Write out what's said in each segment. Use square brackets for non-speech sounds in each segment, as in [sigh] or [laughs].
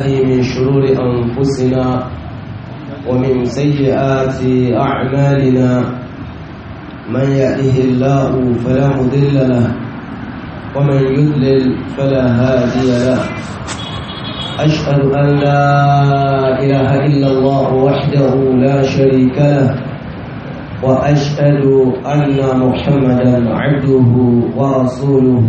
من شرور أنفسنا ومن سيئات أعمالنا من يأله الله فلا مضل له ومن يضلل فلا هادي له أشهد أن لا إله إلا الله وحده لا شريك له وأشهد أن محمدا عبده ورسوله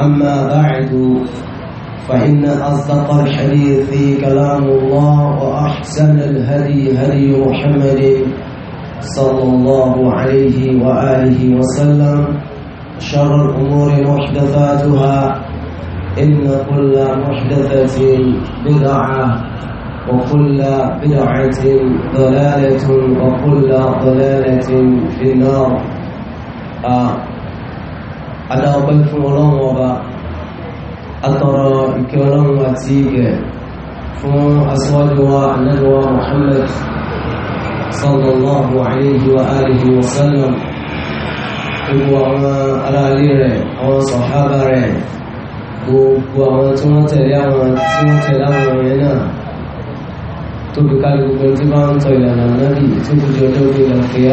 أما بعد فإن أصدق الحديث كلام الله وأحسن الهدي هدي محمد صلى الله عليه وآله وسلم شر الأمور محدثاتها إن كل محدثة بدعة وكل بدعة ضلالة وكل ضلالة في النار آه adáwọ̀pẹ́ fún ọlọ́run ọba atọrọ ìkẹ́ ọlọ́run àti ìgẹ̀ fún asíwájúwá anáwọ̀ Muhammad sallallahu alayhi wa alihi wa sallam gbogbo àwọn aráalé rẹ̀ àwọn sọ̀hábà rẹ̀ gbogbo àwọn tí wọ́n tẹ̀lé àwọn tí wọ́n tẹ̀lé àwọn yẹn náà tóbi ká gbogbo tí bá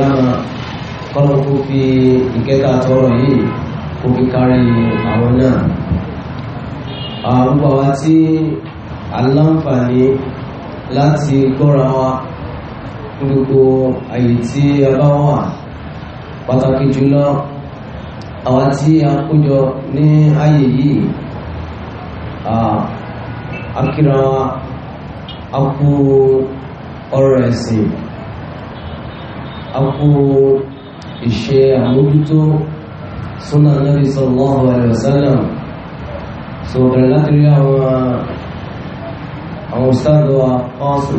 ń tọ fi ìkẹta tọrọ yìí òkè kárí àwọn náà àwọn bàbá tí aláǹfààní láti gbọ́ra wa gbogbo àyè tí a bá wà pàtàkì jùlọ àwọn tí a kójọ ní àyè yìí akíra akú ọ̀rọ̀ ẹ̀sìn akú ìṣe àmójútó Sunnah Nabi sallallahu alaihi wasallam so bẹ̀rẹ̀ láti rí àwọn àwọn ustaz wa kọ́ọ̀sù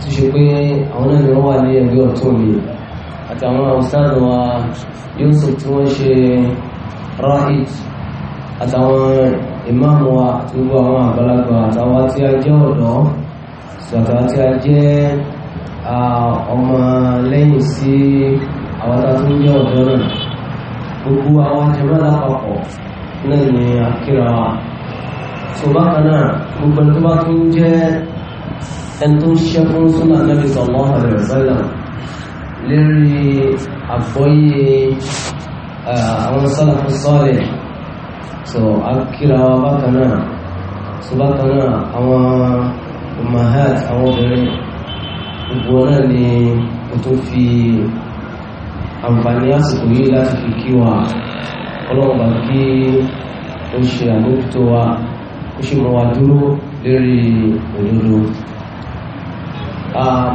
tí ṣe pé àwọn náà ni wọ́n wà ní ẹgbẹ́ ọ̀tún mi àti àwọn ustaz wa Yusuf tí wọ́n ṣe rahit àtàwọn imam wa àti gbogbo àwọn àgbàlagbà àtàwọn tí a jẹ́ ọ̀dọ́ àtàwọn tí a jẹ́ ọmọ lẹ́yìn sí àwọn tá a tún jẹ́ ọ̀dọ́ náà Buku àwọn jẹmọ́ lápapọ̀ náà ni àkíra wa so bákan náà gbogbo ẹni tó bá tún jẹ́ Nabi sallallahu alaihi wasallam lérí àgbọ́yé awal sálàfù sọ́ọ̀lẹ̀ so àkíra wa bákan náà so bákan náà àwọn umahat àwọn obìnrin gbogbo náà ni mo fi àǹfààní àsìkò yìí láti fi kí wa ọlọ́run bá kí ó ṣe àmójútó wa ó ṣe mọ́ wa dúró lérí òdodo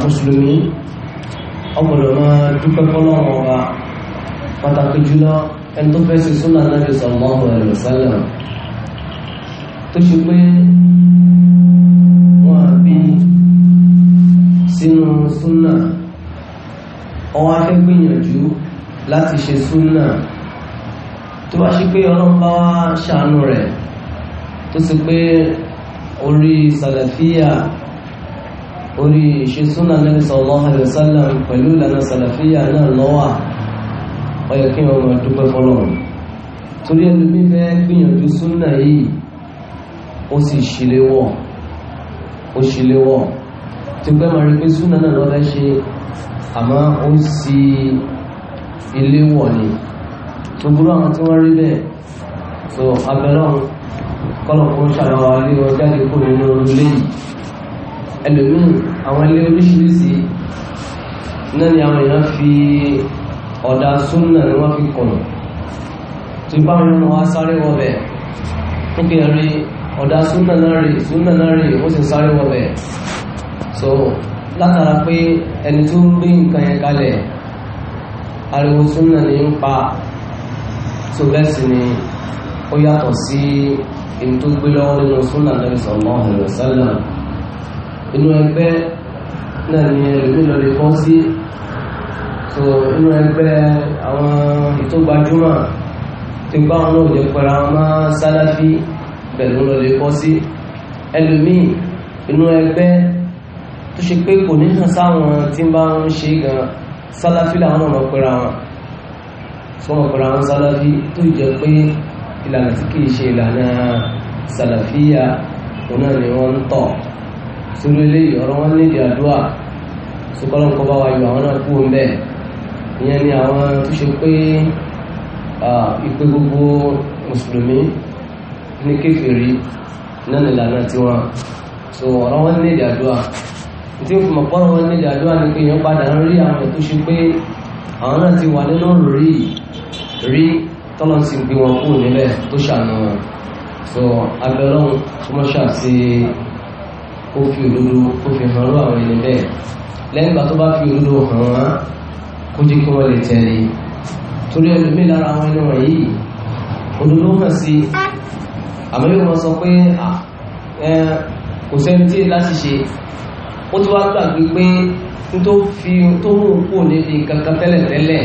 mùsùlùmí ọgbọ̀dọ̀ máa dúpẹ́ fọ́lọ́run ọba pàtàkì jùlọ ẹni tó fẹ́ sí súnà Nábì sallallahu tó ṣe pé wọ́n á sínú súnà ọwọ́ akẹ́gbìyànjú láti ṣe súnà tó bá ṣe pé ọlọ́run bá wá ṣàánú rẹ̀ tó sì pé orí sàlàfíà orí ṣe súnà Nabi sallallahu alaihi wasallam pẹ̀lú ìlànà sàlàfíà náà lọ́wà ó yẹ kí wọn dúpẹ́ fọlọ́run torí ẹlòmí fẹ́ gbìyànjú súnà yìí ó sì ṣìléwọ̀ ó ṣìléwọ̀ tí pẹ́ máa rí pé súnà náà lọ́fẹ́ ṣe àmọ́ ó sì ilé wọ̀ ni tó burú àwọn tí wọ́n rí bẹ́ẹ̀ tó abẹ́rẹ́ kọ́lọ̀ kó ṣàlọ́wọ́ alé wọn jáde kó nínú ilé yìí ẹlòmíì àwọn ilé oríṣiríṣi náà ni àwọn èèyàn fi ọ̀dà súnà ni wọ́n fi kùn tó bá wọn wá sáré wọ bẹ̀ ó kì í rí ọ̀dà súnà náà rí súnà náà rí ó sì sáré wọ bẹ̀ so látara pé ẹni tó ń gbé nǹkan yẹn kalẹ̀ ariwo súnà ní ń pa tó bẹ́ẹ̀ sì ni ó yàtọ̀ sí èyí tó gbé lọ́wọ́ nínú súnà lẹ́yìn sọ̀rọ̀ ọ̀hún sẹ́lẹ̀ inú ẹgbẹ́ náà ni ẹlòmíì lọ lè kọ́ sí so inú ẹgbẹ́ àwọn ètò gbajúmọ̀ tó gbá wọn náà lè pẹ̀lú àwọn máa sálàfí pẹ̀lú lọ lè kọ́ sí ẹlòmíì inú ẹgbẹ́ tó ṣe pé kò ní hàn sáwọn tí ń bá ń ṣe gan sálàfí làwọn ọmọ pẹ̀lú àwọn sọmọ pẹ̀lú àwọn sálàfí tó jẹ́ pé ìlànà tí kìí ṣe ìlànà sálàfíyà òun ni wọ́n ń tọ̀ sórí eléyìí ọ̀rọ̀ wọn nídìí àdúrà sọkọ́lọ́ nǹkan bá wa àwọn náà kú ń bẹ́ẹ̀ ìyẹn ni àwọn tó ṣe pé ìpè gbogbo mùsùlùmí ní kékeré náà nílànà tiwọn so ọ̀rọ̀ wọn nídìí àdúrà tí ó fi mọ̀ pọ́nrọ́ wọn nílẹ̀ àdúrà ní pé èèyàn padà ń rí àwọn tó ṣe pé àwọn náà ti wà nínú rí rí tọ́lọ́ ti gbé wọn kúrò nílẹ̀ tó ṣàánú wọn sọ abẹ́lọ́run tó mọ́ ṣàṣe kó fi òdodo kó fi hàn rú àwọn ẹni bẹ́ẹ̀ lẹ́yìn ìgbà tó bá fi òdodo hàn wọ́n kó jẹ́ kí wọ́n lè tẹ̀lé torí ẹlòmíì lára àwọn ẹni wọ̀nyí òdodo hàn sí àmọ́ yóò mọ sọ pé kò sẹ́ni tí láti ṣe ó ti wá gbàgbé pé tó fi tó mú kó níbi kankan tẹ́lẹ̀ tẹ́lẹ̀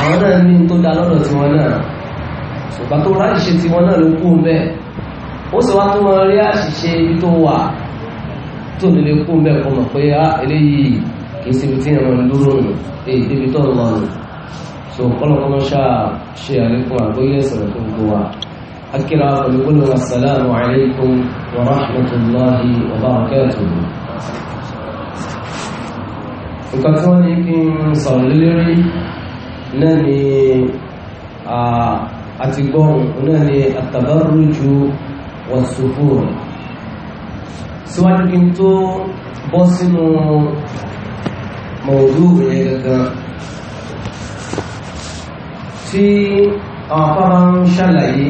àwọn náà ní tó da lọ́dọ̀ tiwọn náà ṣùgbọ́n tó rájì ṣe tiwọn náà ló kú mbẹ́ ó sì wá tó mọ rí àṣìṣe ibi tó wà tó nílé kú mbẹ́ kó mọ̀ pé á ah, eléyìí kì í síbi tí ìrìn dúró nù èyí débi tó ń lọ nù so kọ́lọ́kọ́ mọ́ ṣáà ṣe àlékún àgbóyè ẹ̀sìn fún gbogbo wa. الكرام يقول والسلام عليكم ورحمة الله وبركاته nǹkan tí wọ́n ní kí n sọ̀rọ̀ lórí náà ni àti gbọ́n náà ni àtàbárújú wàsùfù síwájú kí n tó bọ́ sínú mọ̀ọ̀dú rẹ̀ gẹ́gẹ́ tí àwọn afárá ń ṣàlàyé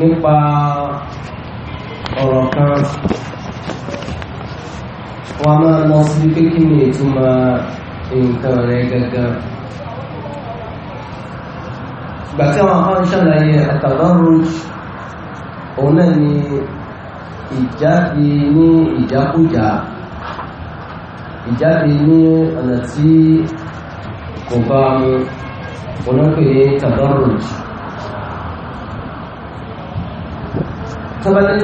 nípa ọ̀rọ̀ kan wọ́n máa lọ sí pé kí ni ìtumọ̀ nǹkan rẹ̀ gangan ìgbà tí àwọn afáàn ṣàlàyé òun náà ni ìjáde ní ìjákújà ìjáde ní ọ̀nà tí kò bá mu òun náà pè ní tàlọ́rùj ثبت تبرج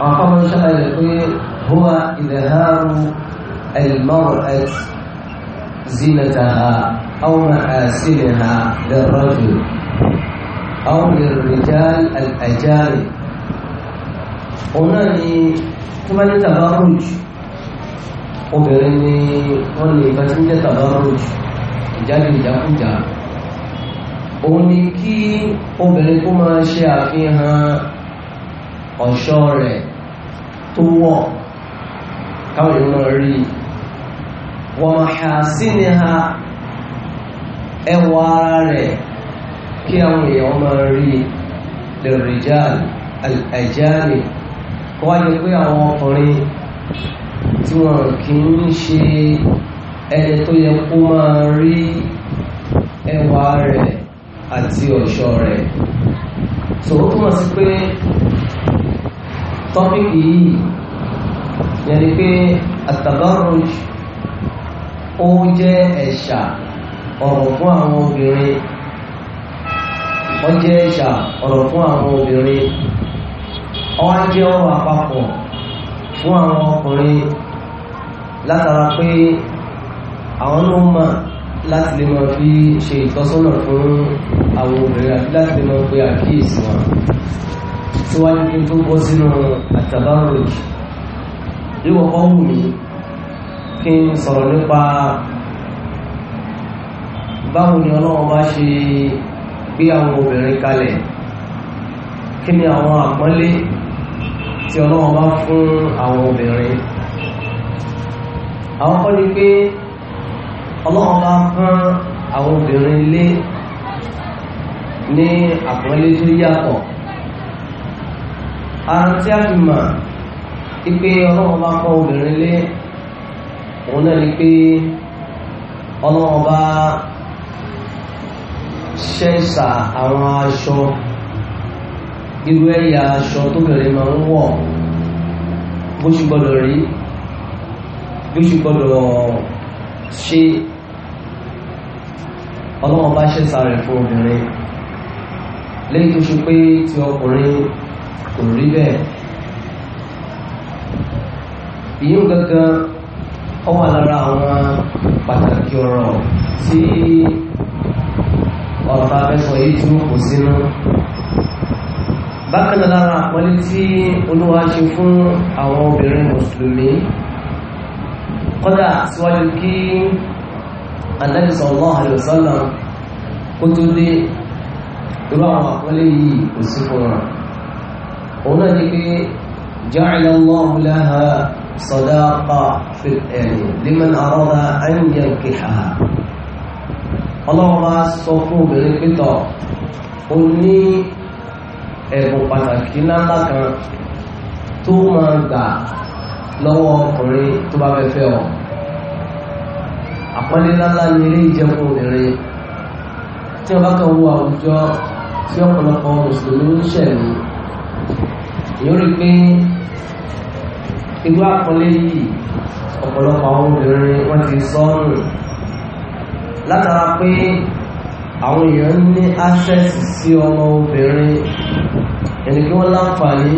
رقم شهر الخير هو إظهار المرأة زينتها أو مآسنها للرجل أو للرجال الأجانب هنا ثبت تبرج وبرني وني فتنجة تبرج جاني جاكو جاكو òun ni kí obìnrin kó máa ṣe àfihàn ọ̀ṣọ́ rẹ̀ tó wọ̀ káwọn èèyàn náà rí wọ́n máa ṣe àsínìha ẹwà ara rẹ̀ kí àwọn èèyàn máa rí lẹ́rìjáàlì àjáàlì wá ní pé àwọn ọkùnrin tí wọ́n kì í ṣe ẹni tó yẹ kó máa rí ẹwà rẹ̀ àti ọ̀ṣọ́ rẹ̀ sọ̀rọ̀ túmọ̀ sí pé tọ́pìkì yìí yẹn ni pé àtàbárùj ó jẹ́ ẹ̀ṣà ọ̀rọ̀ fún àwọn obìnrin ó jẹ́ ẹ̀ṣà ọ̀rọ̀ fún àwọn obìnrin ó jẹ́ ọ̀rọ̀ àpapọ̀ fún àwọn ọkùnrin látara pé àwọn ló mọ̀ láti lè máa fi ṣe ìtọ́sọ́nà fún àwọn obìnrin àti láti lè máa pe àkíyèsí wọn tí wọ́n ní tó bọ́ sínú àtàbáròjì yíwọ̀ kọ́ wù mí kí n sọ̀rọ̀ nípa báwo ni ọlọ́wọ́ bá ṣe gbé àwọn obìnrin kalẹ̀ kí ni àwọn àpọ́nlé tí ọlọ́wọ́ bá fún àwọn obìnrin àwọn kọ́ ni pé ọlọ́run bá fún àwọn obìnrin ilé ní àpọ́nlé tó yàtọ̀ ara tí a fi mọ̀ ipe ọlọ́run bá fún obìnrin ilé òun náà ni pé ọlọ́run bá ṣẹ̀ṣà àwọn aṣọ irú ẹ̀yà aṣọ tó bẹ̀rẹ̀ máa ń wọ̀ bó ṣe gbọ́dọ̀ rí bó ṣe gbọ́dọ̀ ṣe ọlọ́wọ́n bá ṣe sáré fún obìnrin lẹ́yìn tó ṣe pé ti ọkùnrin kò rí bẹ́ẹ̀ ìyí gangan ó wà lára àwọn pàtàkì ọ̀rọ̀ tí ọ̀tá fẹ́sọ̀ yìí tí ó kò sínú bákan náà lára àpọ́lé tí olúwa ṣe fún àwọn obìnrin mùsùlùmí kódà síwájú kí anabi sallallahu alaihi wasallam kó tó dé irú àwọn àkọlé yìí kò sí fún wọn òun náà ni pé ja'ala Allahu laha sadaqa fil ẹni liman arada an yankihaha ọlọ́run bá sọ fún obìnrin pétọ̀ ó ní ẹ̀bùn pàtàkì ńláńlá kan tó máa gbà lọ́wọ́ ọkùnrin tó bá fẹ́ fẹ́ ọ àpọ́nlé ńláńlá ní ilé ìjẹun obìnrin tí wọ́n bá kàn wọ àwùjọ tí ọ̀pọ̀lọpọ̀ mùsùlùmí ń ṣẹ̀lú èyí rí pé irú àpọ́nlé yìí ọ̀pọ̀lọpọ̀ àwọn obìnrin wọ́n ti sọ́nù látara pé àwọn èèyàn ní access sí ọmọ obìnrin ẹni kí wọ́n láǹfààní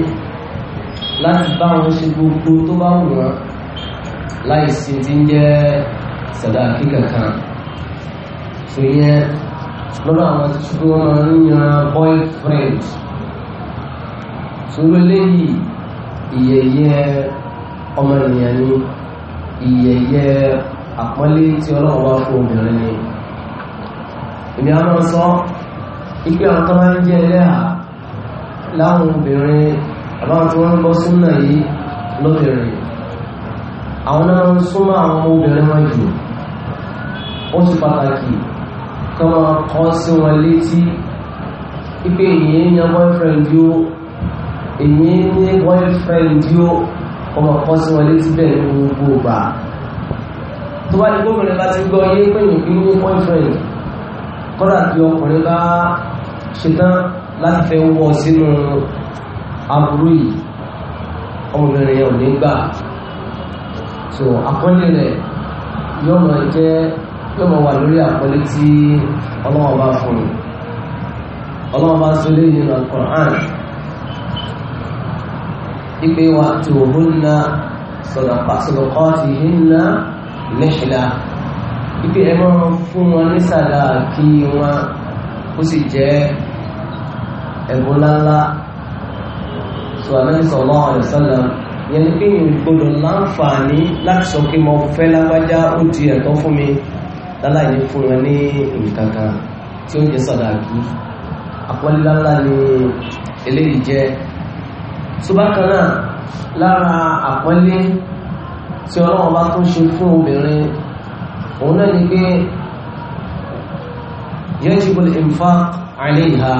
láti bá wọn ṣe gbogbo tó bá wù wọ́n láì sí ti ń jẹ́ sàdá kíkà kan tó yẹ lọ́dọ̀ àwọn tí tó máa ń yan boyfriend tó lélẹ́yìí ìyẹyẹ ọmọnìyàn ni ìyẹyẹ àpọ́nlé tí ọlọ́run bá fún obìnrin ni ìbí a máa sọ ibi àwọn tó máa ń jẹ ẹlẹ́à láwọn obìnrin àbáwọn tí wọ́n ń bọ́ súnmọ́ yìí lóbìnrin àwọn náà ń súnmọ́ àwọn obìnrin wọn jù ó ti pàtàkì kí wọ́n kọ́ sí wọn létí ipe èyí ní boyfriend yóò èyí ní boyfriend yóò ọmọ kọ́ sí wọn létí bẹ́ẹ̀ ní gbogbo ọba tó bá ní gómìnà bá ti gbọ́ yé pé nìkí ní boyfriend kọ́dà bí ọkùnrin bá ṣetán láti fẹ́ wọ sínú aburú yìí ọmọbìnrin yẹn ò ní gbà so àpọ́nlé rẹ̀ yóò máa jẹ́ yóò mọ̀ wà lórí àpọ́lé tí ọlọ́wọ́ bá fún un ọlọ́wọ́ bá sọ lé nínú Al-Qur'an ipe wa tó hunna sadaqatihinna nihla ipe ẹ máa fún wọn ní sàdá kí wọn ó sì jẹ́ ẹ̀bùn ńláńlá sọ àlẹ́ sallallahu alaihi wasallam yẹn ní pé ìgbọ́dọ̀ láǹfààní láti sọ pé mo fẹ́ lágbájá ó di ẹ̀tọ́ fún mi láláì ní fún wọn ní nǹkan kan tí ó jẹ́ sọ̀dà kí àpọ́nlélálá ni eléyìí jẹ́ tó bákan náà lára àpọ́nlé tí ọlọ́run bá tún ṣe fún obìnrin òun náà ni pé yajibu al-infaq alayha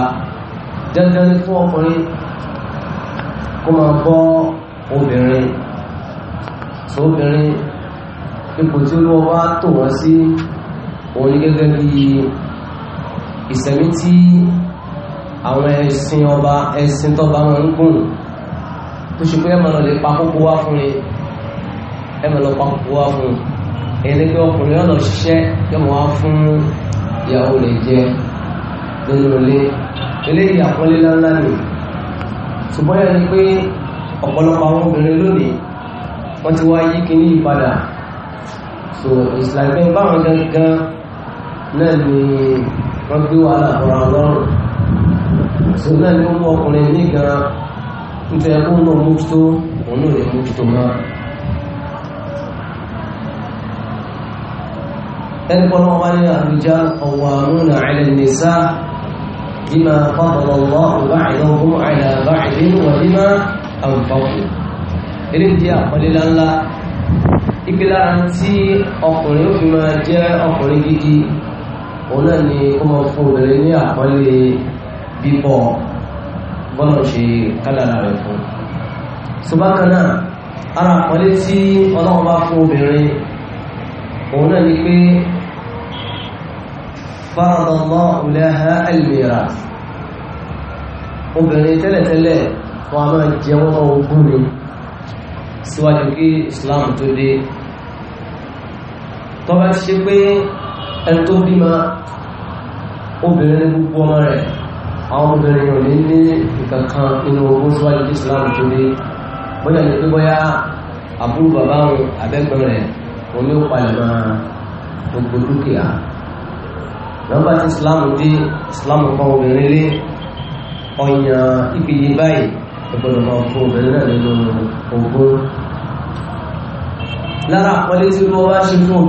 dandan fún ọkùnrin kó máa bọ́ obìnrin tó obìnrin ipò tí olúwa tó wọ́n sí òun ni gẹ́gẹ́ bí ìsẹ̀mí tí àwọn ẹ̀sìn ọba ẹ̀sìn tọba wọn ń gùn tó ṣe pé ẹmọ̀ lè pa kókó wá fún ni ẹmọ̀ lọ pa kókó wá fún ẹni pé ọkùnrin ọ̀nà ṣiṣẹ́ yọmọ wá fún ìyàwó rẹ̀ jẹ nínú ilé eléyìí àpọ́nlé ńláńlá nì ṣùgbọ́n yẹn ni pé ọ̀pọ̀lọpọ̀ àwọn obìnrin lónìí wọ́n ti wá yí kíní ìpadà so ìsìlámẹ́ báwọn gangan náà ni wọ́n gbé wà láàbọ̀ra lọ́rùn ṣe náà ni ó mú ọkùnrin ní gan nítorí ẹkọ́ náà mójútó òun náà lè mójútó náà ẹnìkan náà wá ní àbújá ọ̀wọ̀ àmúnà àìlẹ̀ nìsá bímá fọ́tọ̀lọ̀ lọ́rùn báyìí lọ́gbọ́n àìlẹ̀ báyìí wọ́n bímá àwùfọ́kù eré jẹ́ àpọ́lé láńlá ìgbélára tí ọkùnrin ó fi máa jẹ́ ọkùnrin gidi òun náà ni ó máa fún obìnrin ní àpọ́nlé bíbọ̀ bọ́lọ̀ ṣe kádàrà rẹ̀ fún ṣùgbọ́n kan náà ara àpọ́nlé tí ọlọ́run bá fún obìnrin òun náà ni pé faradallahu laha al-miras obìnrin tẹ́lẹ̀tẹ́lẹ̀ wọn a máa jẹ wọ́n ogún ni síwájú kí Islam tó dé tọ́ba ti ṣe pé ẹni tó bí ma obìnrin gbogbo ọmọ rẹ̀ àwọn obìnrin ò ní ní Islam tó dé bóyá ní pé bóyá àbúrò bàbá òun abẹ́gbọ̀n rẹ̀ òun ní ó palẹ̀ máa gbogbo dúkìá nọ́mbà tí Islam dé Islam kan obìnrin lé ọ̀yàn ìpìyẹ báyìí ìgbọ́dọ̀ máa fún obìnrin náà nínú ogun lára àpọ́lé tí wọ́n wá ṣe fún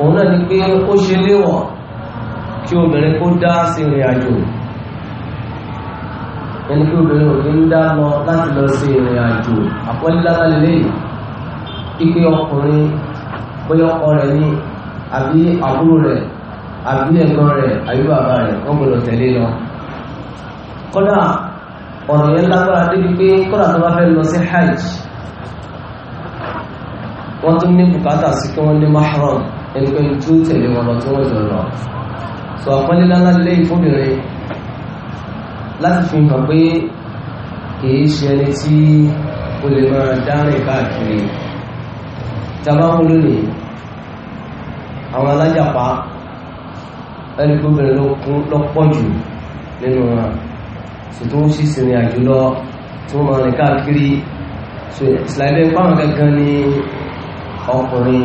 òun náà ni pé ó ṣe léwọ̀ kí obìnrin kó dá sí ìrìn àjò ẹni pé obìnrin ò ní ń dá lọ láti lọ sí ìrìn àjò àpọ́nlélátà lélẹ́yìn pípé ọkùnrin bóyá ọkọ rẹ̀ ní àbí àbúrò rẹ̀ àbí ẹ̀gbọ́n rẹ̀ àbí bàbá rẹ̀ wọ́n gbọ́dọ̀ tẹ̀lé lọ. kódà ọ̀rọ̀ yẹn lágbára débi pé kódà tó bá fẹ́ lọ sí hajj wọ́n tún ní bùkátà sí kí wọ́n ní mahram ẹni pé tẹ̀lé wọn lọ tí wọ́n jọ lọ sọ àpọ́nlé lánàá lé ìfúnbìnrin láti fi hàn pé kìí ṣe ẹni tí ó lè máa dárìn káàkiri tàbá wọn lónìí àwọn alájàpá ẹni pé ló pọ̀ jù nínú wọn ṣètò ó sì sinmi àjò tí wọ́n máa rìn káàkiri ṣe ìsìláìlẹ̀ pàwọn gangan ni ọkùnrin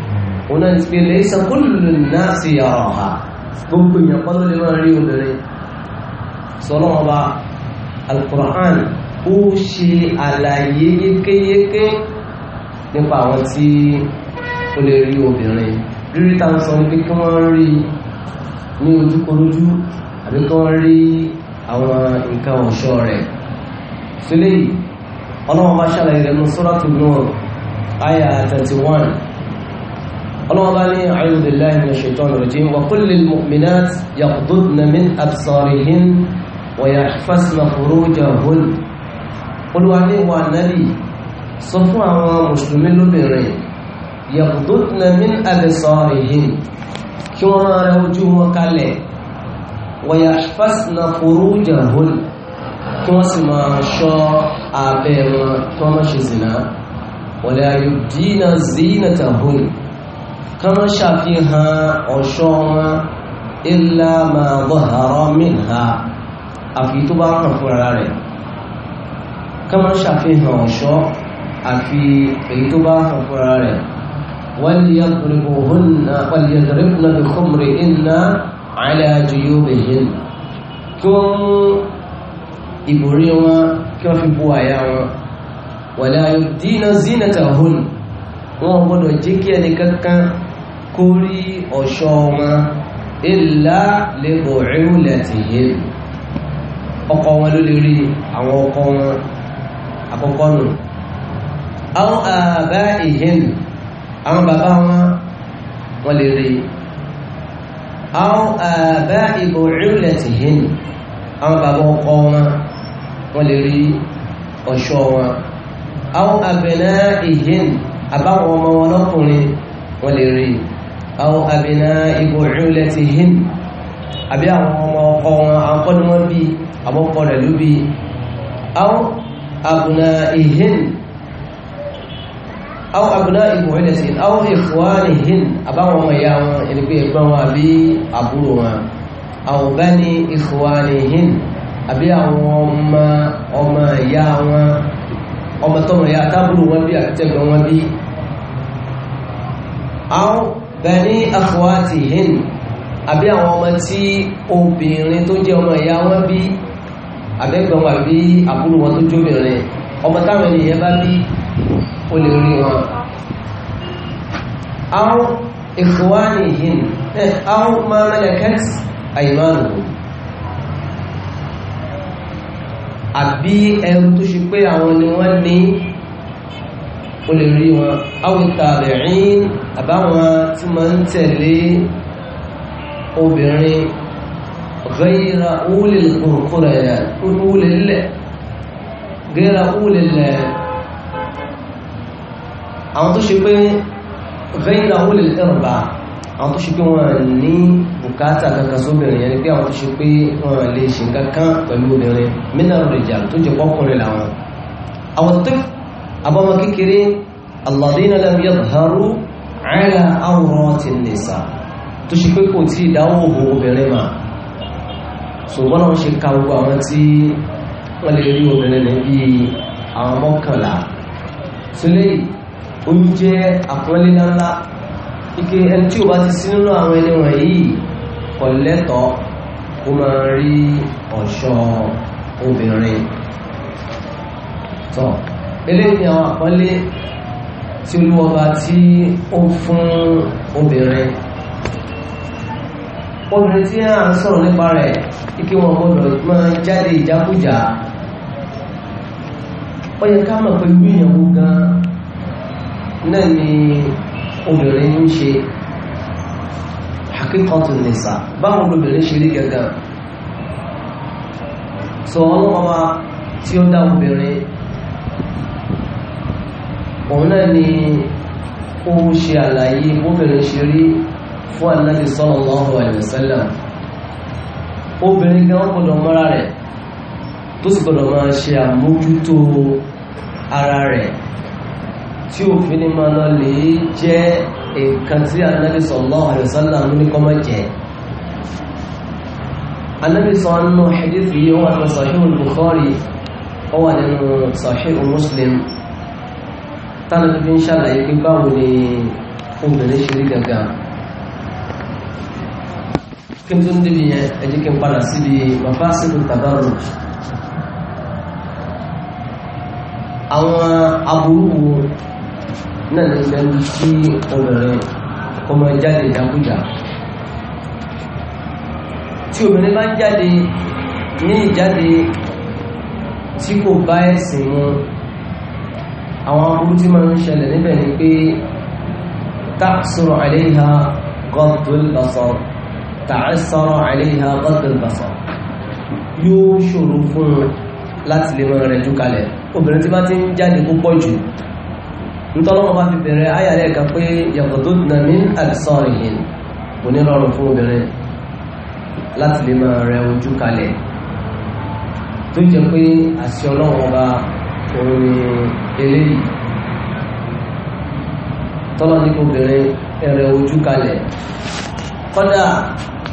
òun náà ti pé lẹ́sà kúlù náà sì yàrá ọ̀hà gbogbo èèyàn kọ́ ló lè máa rí obìnrin sọ́nà ọba alukur'an ó ṣe àlàyé yékéyéké nípa àwọn tí ó lè rí obìnrin rírí tá à ń sọ pé kí wọ́n rí ní ojúkorojú àbí kí wọ́n rí àwọn nǹkan ọ̀ṣọ́ rẹ̀ sílẹ̀ yìí ọlọ́wọ́n bá ṣàlàyé rẹ̀ ní sọ́ràtù náà àyà 31 ọlọ́wọ́bání a'udhu billahi minash shaitani rajim wa qul lil mu'minati yaghdudna min absarihin wa yahfazna furujahun olúwaní wa nábì sọ fún àwọn mùsùlùmí lóbìnrin yaghdudna min absarihin kí wọ́n máa rẹ ojú wọn kalẹ̀ wa yahfazna furujahun kí wọ́n sì máa ṣọ́ abẹ́ wọn kí wọ́n má ṣe zìnà wa la kán ṣàfihàn ọ̀ṣọ́ wọn illa ma zahara minha àfi tó bá hàn fúnra rẹ̀ kán ṣàfihàn ọ̀ṣọ́ àfi èyí tó bá hàn fúnra rẹ̀ waliyadurubuhunna waliyadurubna bi khumri inna ala juyubihin kí wọ́n mú ìbòrí wọn kí wọ́n fi bu àyà wọn wala yubdina zinatahun wọn gbọ́dọ̀ jẹ́ kí ẹnì kankan kó rí ọ̀ṣọ́ wọn ìlà lè bò ríhùn lẹ́tì yìí ọkọ wọn ló lè rí àwọn ọkọ wọn àkọ́kọ́ nù àwọn àbá ìhìn àwọn bàbá wọn wọn lè rí àwọn àbá ìbò ríhùn lẹ́tì yìí àwọn bàbá ọkọ wọn wọn lè rí ọ̀ṣọ́ wọn àwọn àbẹ̀nà ìhìn àbáwọn ọmọ wọn lọ́kùnrin wọn lè rí i àwọn àbìnà ìbò ìrìnlẹ̀ ti hìn àbí àwọn ọmọ ọkọ wọn àkọ́ ni wọ́n bí àbọ́kọ́ rẹ̀ ló bí àwọn àbìnà ìhìn àwọn àbìnà ìbò ìrìnlẹ̀ ti hìn àwọn ìfúwánì hìn àbáwọn ọmọ ìyá wọn ẹnìgbé ẹ̀gbọ́n wọn àbí àbúrò wọn àwọn bá ní ìfúwánì hìn àbí àwọn ọmọ ọmọ ìyá wọn ọmọ tọmọ ìyá tábùrù wọn bí àtẹ̀gbọ́n wọn bí àwọn bani akhwatihin àbí àwọn ọmọ tí obìnrin tó jẹ́ ọmọ ìyá bi bí àbẹ́gbọ̀n àbí àbúrò wọn tó jóbìnrin ọmọ táwọn ènìyàn bá bí ó lè rí wọn àwọn ikhwanihin àwọn máa malakat aymanuhum àbí ẹrù tó ṣe pé àwọn ni wọ́n ní ó lè rí wọn awùtàbẹ̀rín àbáwọn tí ma ń tẹ̀lé obìnrin gẹ́yìnra wúlè kòròkòrò ẹ̀ wúlè lẹ̀ gẹ́yìnra wúlè lẹ̀ àwọn tó ṣe pé gẹ́yìnra wúlè ẹ̀rọ̀bà àwọn tó ṣe pé wọ́n ní bùkátà kankan sóbìnrin yẹn pé àwọn tó ṣe pé wọ́n lè ṣe kankan pẹ̀lú obìnrin mínà rẹ̀ jà tó jẹ́ pọ́kùnrin làwọn àwọn tó abọ́mọ kékeré alladhina lam yadhharu ala awratin nisa tó ṣe pé kò tí ìdáwò òhun obìnrin mà ṣùgbọ́n náà ṣe ka gbogbo àwọn tí wọ́n lè rí obìnrin ní bí àwọn mọ́kànlá sílé oúnjẹ àpọ́nlé ńláńlá ike ẹni tí o bá ti sí nínú àwọn ẹni wọ̀nyí kò lẹ́tọ̀ọ́ kó máa rí ọ̀ṣọ́ obìnrin tọ́. So eléyìí ni àwọn àpọ́nlé tí olúwọba tí ó fún obìnrin obìnrin tí a ń sọ̀rọ̀ nípa rẹ̀ ike wọn gbọ́dọ̀ máa jáde ìjákújà ó yẹ ká mọ̀ pé irú ìyàwó gan náà ni obìnrin ń ṣe hakikatu nisa báwọn olóbìnrin ṣe rí gangan sọ ọlọ́wọ́ tí ó dá obìnrin òun náà ni ó ṣe àlàyé bóbìnrin ṣe rí fún ànábì sallallahu alaihi wasallam obìnrin gan gbọdọ̀ mọ́ra rẹ̀ tó sì gbọdọ̀ máa ṣe àmójútó ara rẹ̀ tí òfin ni máa lọ lè jẹ́ nǹkan tí ànábì sallallahu alaihi wasallam ní kọ́mọ̀ jẹ́ النبي صلى الله عليه وسلم حديث هو في صحيح البخاري هو أنه صحيح مسلم tánà tó fi ń ṣàlàyé pé báwo ni obìnrin ṣe rí gangan kí n tó ń débi yẹn ẹ jẹ́ kí n padà síbi bàbá síbi tàbárò àwọn aburú wo náà ní ìlẹ́nu tí obìnrin ọmọ jáde ìdákújà tí obìnrin bá ń jáde ní ìjáde tí kò bá ẹ̀sìn wọn àwọn ọdún tí máa ń ṣẹlẹ̀ níbẹ̀ ni pé ta'suru 'alayha ghaddul basar ta'assara 'alayha ghaddul basar yóò ṣòro fún un láti lè rọrùn rẹ̀ jù kalẹ̀ obìnrin tí bá ti ń jáde púpọ̀ jù nítọ́lọ́wọ́ bá fi bẹ̀rẹ̀ ayàlẹ́ kan pé yaghdudna min absarihin òun ni eléyìí tọ́lọ́ ní kò bẹ̀rẹ̀ ẹrẹ ojú kalẹ̀ kọ́dà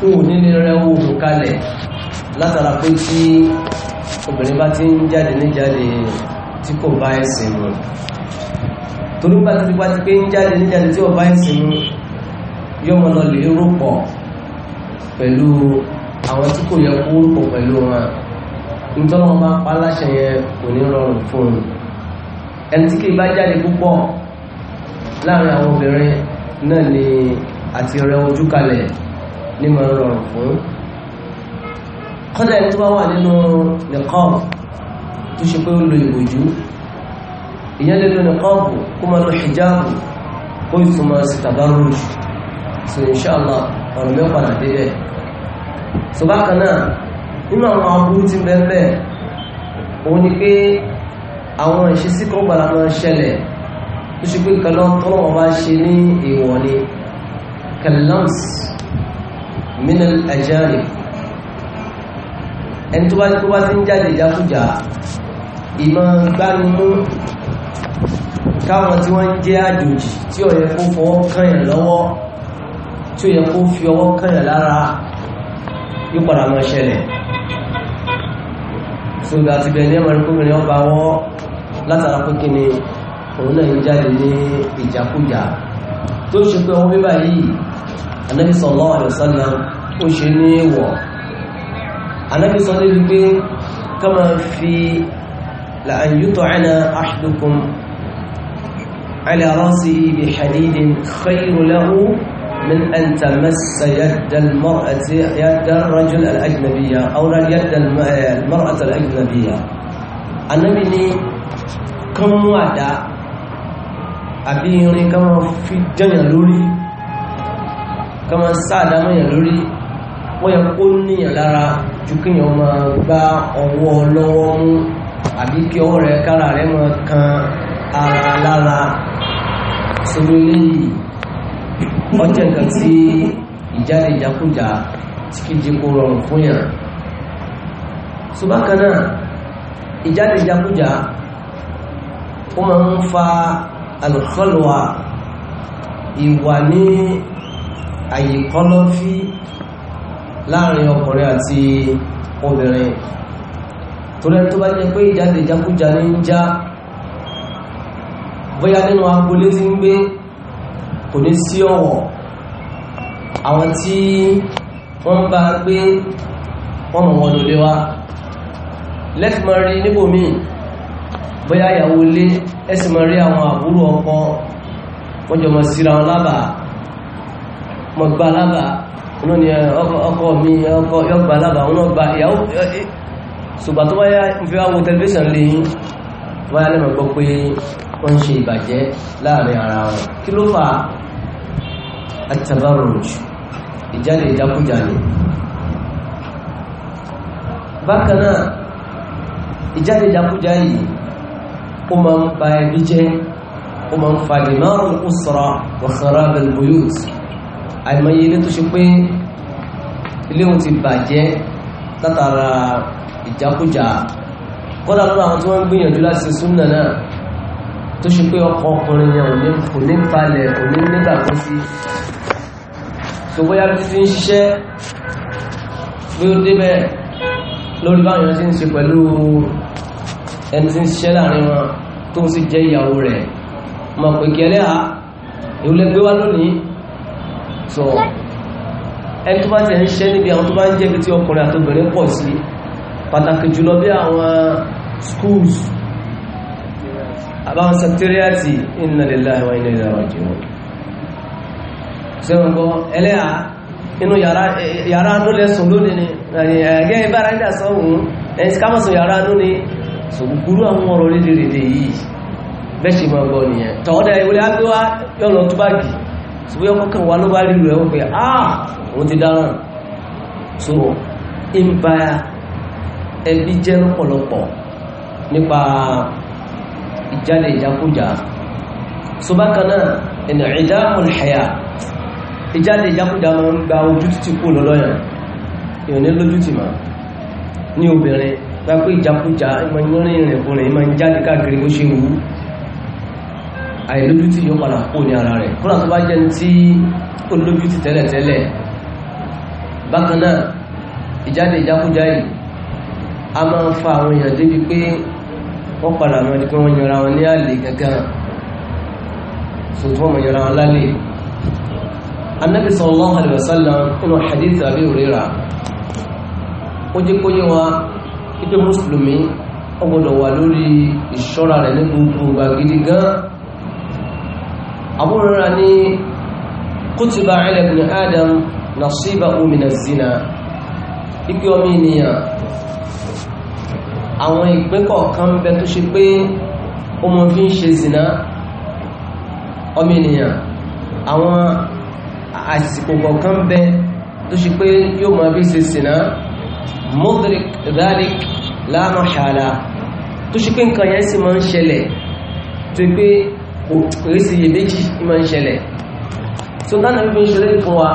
òun nílé rẹ oòrùn kalẹ̀ látara pé tí obìnrin bá ti ń jáde níjáde tí kò bá ẹ̀sìn mu torí bá ti bá ti pé ń jáde níjáde tí ò bá ẹ̀sìn mu yọmọ lọ lè rò pẹ̀lú àwọn tí kò yẹ kó rò pẹ̀lú wọn nítorí wọn bá pa láṣẹ yẹ kò ní rọrùn fún un ẹni tí kì í bá jáde púpọ̀ láàrin àwọn obìnrin náà ni àti rẹ ojú kalẹ̀ ní mọ̀ rọrùn fún kọ́dà ẹni tó bá wà nínú nìkan tó ṣe pé ó lo ìbòjú ìyẹn lè lo nìkọ́ọ̀bù kó máa lo hijabu ó yìí tó máa sì tàbárò jù so inshallah ọ̀rọ̀ mẹ́pàdà dé nínú àwọn aburú ti bẹ́ẹ̀ òun ni pé àwọn ìṣesí kan gbàlá máa ń ṣẹlẹ̀ tó ṣe pé kan náà bá ṣe ní ìwọ̀ ni kalams minal ajari ẹni tó bá tó bá ti ń jáde ìjákújà ìmọ̀ gbánimú káwọn tí wọ́n jẹ́ àjòjì tí ó yẹ kó fọwọ́ kànyàn lọ́wọ́ tí ó yẹ kó fi ọwọ́ kànyàn lára yóò padà máa ṣẹlẹ̀ so ìgbà àti bẹ̀rẹ̀ ní ẹmọ ìrìnkúnrin ọba wọ́ látara pé kí ni òun náà ń jáde ní ìjàkújà tó ṣe pé ọwọ́ bíbá yìí anábì sallallahu alaihi wasallam ó ṣe ní wọ̀ anábì sọ débi pé ká fi la an yut'ana ahadukum ala ra'sihi hadidin khayru lahu من أن تمس يد المرأة يد الرجل الأجنبية أو يد المرأة الأجنبية Ànábì ní kán mú àdá àbí irin kán máa fi jẹ́yàn lórí kán máa sáàdá mọ́yàn lórí wọ́n yẹ kó níyàn lára ju kíyàn máa gbá ọwọ́ lọ́wọ́ mú àbí kí ọwọ́ rẹ̀ kára rẹ̀ máa kan ara lára sórí eléyìí ọjọ́ nǹkan tí ìjáde ìjákújà tí kì í jẹ́ kó rọrùn fún yàn ṣùgbọ́n ìjáde ìjákújà ó máa ń fa alùfọ́lùwà ìwà ní àyíkọ́lọ́fí láàrin ọkùnrin àti obìnrin torí ẹni tó bá jẹ́ pé ìjáde ìjákújà ní ń já bóyá nínú agbolé ti ń gbé kò ní sí ọ̀wọ̀ àwọn tí wọ́n bá gbé wọ́n mọ̀ wọn lólé wá lẹ́sì máa rí níbòmí bóyá ìyàwó ilé ẹ̀sì máa rí àwọn àbúrò ọkọ wọ́n jọ mọ̀ síra wọn lábàá mọ̀ gba lábàá inú ni ọkọ mi ọkọ yọgbà lábàá wọn gba ìyàwó ṣùgbà tó wáyá fi wá wo tẹlifíṣàn lẹ́yìn wáyá lẹ́mọ̀ gbọ́ pé wọ́n ń ṣe ìbàjẹ́ láàrin ara wọn kí ló fà á àtàbárùj ìjáde ìjákújá ni bákanáà ìjáde ìjákújá yìí ó ma ń ba ẹbí jẹ́ ó ma ń fa ìmárùn usra wa kharab al-buyut àìmọye ilé tó ṣe pé ilé wọn ti bàjẹ́ látara ìjákújá kọ́lá lọ́nà àwọn tí wọ́n ń gbìyànjú láti súnnà náà tó ṣe pé ọkọ̀ ọkùnrin yẹn kò ní balẹ̀ kò ní tó bóyá tí ń ṣiṣẹ́ bí ó débẹ̀ lórí báyọ̀ tí ń ṣe pẹ̀lú ẹni tí ń ṣiṣẹ́ láàrin wọn tó ń sì jẹ́ ìyàwó rẹ̀ mọ̀ pé kí ẹlẹ́ha ìwúlẹ̀ gbé wá lónìí sọ ẹni tó bá ti ń ṣiṣẹ́ níbi àwọn tó bá ń jẹ́ ibi tí ọkùnrin àti obìnrin pọ̀ sí pàtàkì jùlọ bí àwọn schools àbáwọn secretariat inna lillahi wa inna ilaihi sẹ́wọ̀n kọ́ ẹlẹ́yà inú yàrá anú lẹ́sùn lónìí ni ẹ̀gẹ́ ìbára ń dàsọ́ òun ẹni tí kámọ̀sùn yàrá anú ni ṣògbúrú àwọn ọ̀rọ̀ lédè rèdè yìí bẹ́ṣì mọ̀ gbọ́ nìyẹn tọ́ọ̀dẹ̀ ìwòlẹ́ agbéwá yọ́ lọ túbàgì ṣùgbọ́n yọ́ kọ́kàn wà ló bá rí rẹ̀ ó pé ah òun ti dáràn so ń ba ẹbí jẹ́ lọ́pọ̀lọpọ̀ nípa ìjáde ìjákújà so bákan náà ẹ̀nà ìdáhùn ìhẹ́yà ìjáde ìjákújá máa ń gba ojú títí kú lọ́lọ́yàn èèyàn ní lójú tì ma ní obìnrin bá pé ìjákújá ìmọ̀ ìrìn ìrìnkùnrin ma ń jáde káàkiri bó ṣe wù ú àìlójú tì yóò padà kú ní ara rẹ̀ kúrò tó bá jẹ́ lójú bákan náà ìjáde ìjákújá yìí a máa ń fa àwọn èèyàn débi pé wọ́n padà di pé wọ́n yanra wọn ní àlè wọ́n mọ̀ yanra النبي صلى الله عليه وسلم إنه حديث أبي هريرة ojúkóyé wa ipé mùsùlùmí ó gbọ́dọ̀ wà lórí ìṣọ́ra rẹ̀ ní gbogbo ọba gidi gan abúrúra ní kútùbà ala ibn adam nasibahu mina zina ipé ọmọ ènìyàn àwọn ìpín kọ̀ọ̀kan bẹ tó ṣe pé ó mọ fi ń zina ọmọ ènìyàn àwọn àsìkò kọ̀ọ̀kan bẹ tó ṣe pé yóò máa bí ṣe sìnà mudrik dhalik la mahala tó ṣe pé nǹkan yẹn sì máa ń ṣẹlẹ̀ tó pé kòrí sí iye méjì máa ń ṣẹlẹ̀ tó dáná bí ń ṣẹlẹ̀ fún wa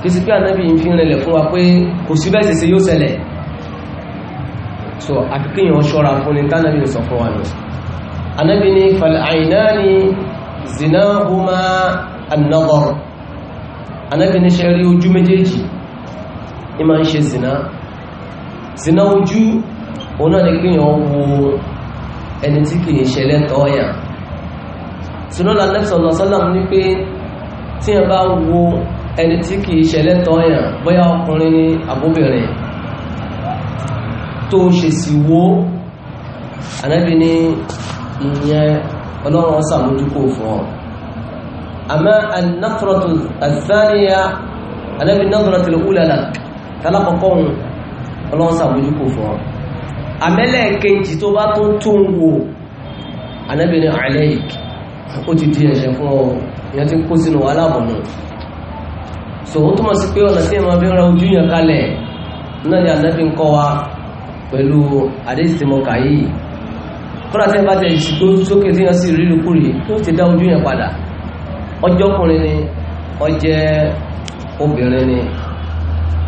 kì í sí pé ànábì ń fi rẹlẹ̀ fún wa pé kò sí bẹ́ẹ̀ ṣẹṣẹ yóò ṣẹlẹ̀ so anábi ní ṣe rí ojú méjèèjì ní ma ń ṣe zina zina ojú òun náà ní kí yàn wo ẹni tí kì í ṣe lẹ́tọ̀ọ́ yà sinọ́lá lẹ́sọ̀lọ́ sálàm ní pé tí yàn bá wo ẹni tí kì í ṣe lẹ́tọ̀ọ́ yà bóyá ọkùnrin ní àbóbìnrin tó ṣe sì wo anábi ìyẹn ọlọ́run ọ̀sàmójúkò fún ọ أما النظرة الثانية أنا بالنظرة الأولى لك تلقى قوم الله سابقك فوق أملا كنتي توبا تنتو أنا بني عليك أتي دي أشفو يأتي كوزن ولا بنو so ó túnmọ̀ sí pé ọ̀nà tí ẹ̀mọ́ fi ń ra ojú yàn kalẹ̀ náà ni ànábì ń kọ́ wa pẹ̀lú àdéhìsímọ̀kà yìí kọ́lá tí ẹ bá tẹ̀ ìṣìgbó sókè tí yàn sí rí lukú rí tó ti dá ojú yàn padà ọjọ́kùnrin ni ọjẹ́ obìnrin ni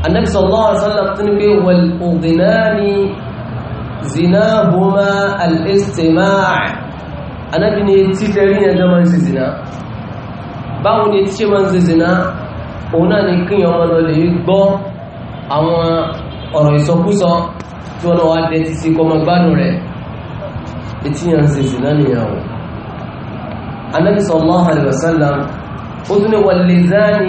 Annabi sallallahu alaihi wasallam tún ní pé wal udhinani zinahuma al-istima' Annabi ni etí tẹ́rí yẹn jọ máa ń ṣe zina báwo ni etí ṣe máa ń ṣe zina òun náà ni kíyàn ọmọ lọ lè gbọ́ àwọn ọ̀rọ̀ ìsọkúsọ tí wọ́n náà wá dẹ́ títí kọmọ gbádùn rẹ̀ etí yẹn ń zina nìyàwó النبي صلى الله عليه وسلم أذن واللزان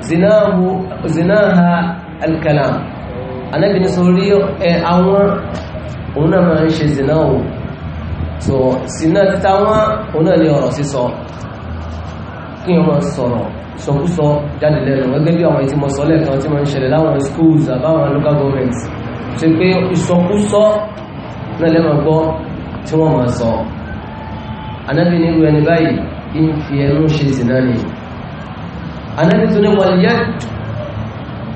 زناه زناها الكلام النبي نسولي أول هنا ما إيش زناه so sina táwọn òun náà ní ọ̀rọ̀ sísọ kí wọ́n máa sọ̀rọ̀ sọkúsọ jáde lẹ́nu gẹ́gẹ́ bí àwọn ìtí mọ̀ sọ tí wọ́n ń ṣẹlẹ̀ láwọn schools àbáwọn local government ṣe pé ìsọkúsọ náà lẹ́mọ̀ gbọ́ tí wọ́n máa sọ anábì nírú ẹni báyìí ń fi ẹnu se zìnà ni anábì ni ní wàlíyà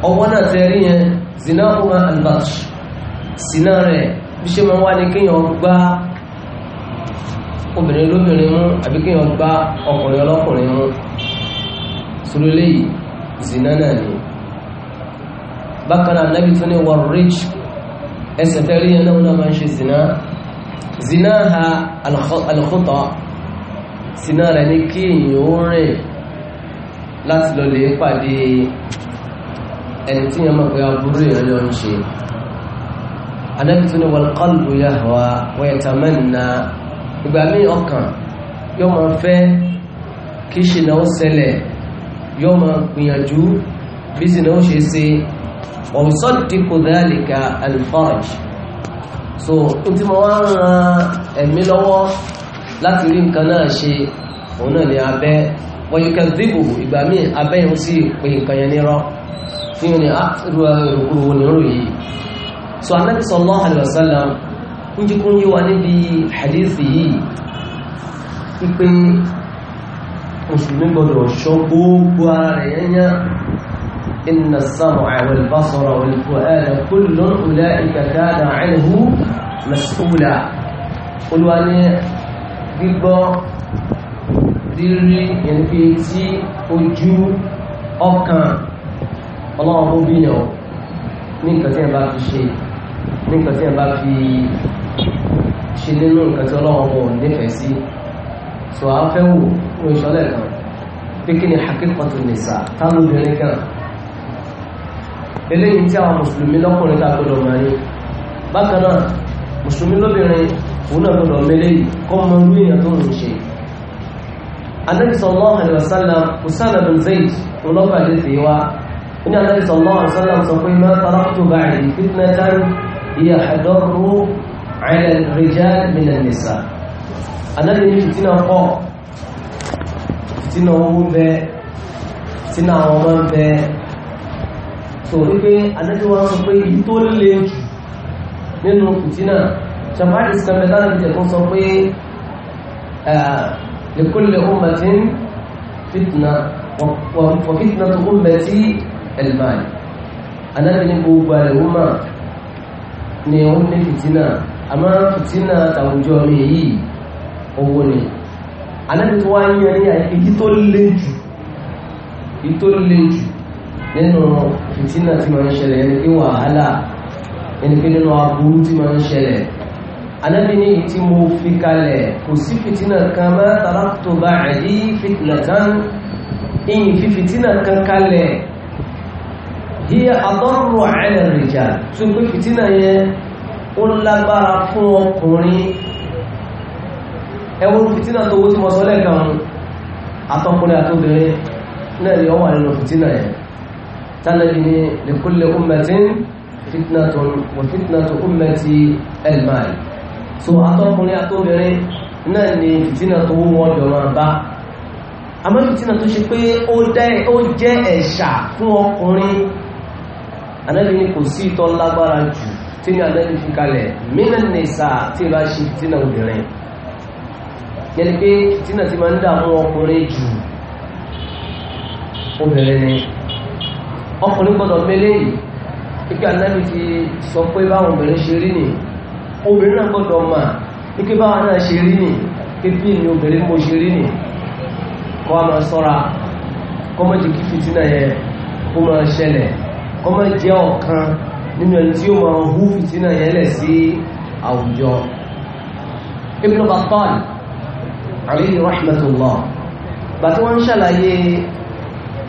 ọwọ́ náà tẹ́ yẹn zina ọmọ albatr zìnà rẹ̀ bí ṣe máa wá ní kéèyàn gbá obìnrin abi mú àbí gba gbá ọkùnrin ọlọ́kùnrin mú yi ni ese zinaha alkhutọ zina rẹ̀ ní kí èyàn ó rìn láti lọ lè pàdé ẹni tí yẹn mọ̀ pé aburú èyàn lọ ń ṣe anábì tún ní wal qalbu yahwa wa yatamanna ìgbà míì ọkàn yóò máa fẹ́ kí ṣe náà ó ṣẹlẹ̀ yóò máa gbìyànjú bí zina ó ṣe ṣe wa yusaddiqu dhalika alfaraj so n tí mo wá ń ran ẹ̀mí lọ́wọ́ láti rí nǹkan náà ṣe òun náà ni abẹ́ wọ́yíkẹ́ dìbò ìgbà míì abẹ́ yìí sì pé nǹkan yẹn nírọ́ tí ah, ó ní àrùn ẹ̀rùkúrò wo nírò yìí so anábì sallallahu alaihi wasallam ń jí kún إن السمع والبصر والفؤاد كل أولئك كان عنه مسؤولا قلوا أن gbígbọ́ rírí ẹnfẹ́ tí ojú ọkàn ọlọ́wọ́ bó bíyàn ní nǹkan tí ẹ bá fi ṣe ní nǹkan tí ẹ bá fi ṣe nínú nǹkan tí ọlọ́wọ́ bọ̀ nífẹ̀ẹ́ sí so a fẹ́ wò ní ìṣọ́lẹ̀ kan pé kí ni hakíkọ̀tù nìsà táwọn obìnrin kan eléyìí tí àwọn mùsùlùmí lọ́kùnrin tá a gbọ́dọ̀ mọ̀ ní bákan náà mùsùlùmí lóbìnrin òun náà gbọ́dọ̀ mẹ́lẹ́ yìí kọ́ mọ orí èèyàn tó ń ṣe Ànábì sallallahu alaihi wasallam Usama bin Zayd olọ́pàá àti tèé wa ní Ànábì sallallahu alaihi wasallam sọ pé ma taraktu ba'di fitnatan hiya hadarru ala al-rijal min an-nisa Ànábì ní so wípé adájọ́ wọn sọ pé ibi tó lè jù nínú fìtínà shamari sọmẹta ti tẹ̀kún sọ pé likulli ummatin fitna wa fitna tó ummati al-mal anábìnrin gbogbo àlẹ́wọ́mà ni ó ní fìtínà àmọ́ fìtínà tàwùjọ mi yìí owó ni anábìnrin tó wá ní àyíkí tó nínú fìtínà tí máa ń ṣẹlẹ̀ ẹni pé wàhálà ẹni pé nínú aburú tí máa ń ṣẹlẹ̀ anábì ní tí mo fi kalẹ̀ kò sí fìtínà kan máa tara tó bá ẹ̀dí fìtínà ìyìn fi fìtínà kan kalẹ̀ hiya adarru ala rijal tó pé fìtínà yẹn ó lágbára fún ọkùnrin ẹwọ́n fìtínà tó wó tí mo sọ lẹ́ẹ̀kan àtọkùnrin àtobìnrin náà ni ó nínú fìtínà yẹn tánàbí ní lèkúlè ummatin fitnatun wà fitnatu ummati elmai so atọ́kùnrin atóbìnrin náà ni fìtínà tó wọ́n jọ máa bá àmọ́ fìtínà tó ṣe pé ó jẹ́ ẹ̀ṣà fún ọkùnrin anábì ní kò sí ìtọ́ lágbára jù tí ní anábì fi kalẹ̀ mínà nìsà tí ìbá ṣe fìtínà obìnrin yẹni pé fìtínà ti máa ń dààmú ọkùnrin jù obìnrin ni ọkùnrin gbọ́dọ̀ mẹ́lẹ́ yìí ike anábì ti sọ pé báwọn obìnrin ṣe rí nì obìnrin náà gbọ́dọ̀ mà ike báwọn náà ṣe rí nì kébí ni obìnrin mo ṣe rí nì kọ́ a máa sọ́ra kọ́ mọ́ jẹ́ kí fìtínà yẹn kó máa ṣẹlẹ̀ kọ́ mọ́ jẹ́ ọ̀kan nínú ẹni tí ó máa hú fìtínà yẹn lẹ̀ sí àwùjọ Ibn Battal alayhi rahmatullah bàtí wọ́n ń ṣàlàyé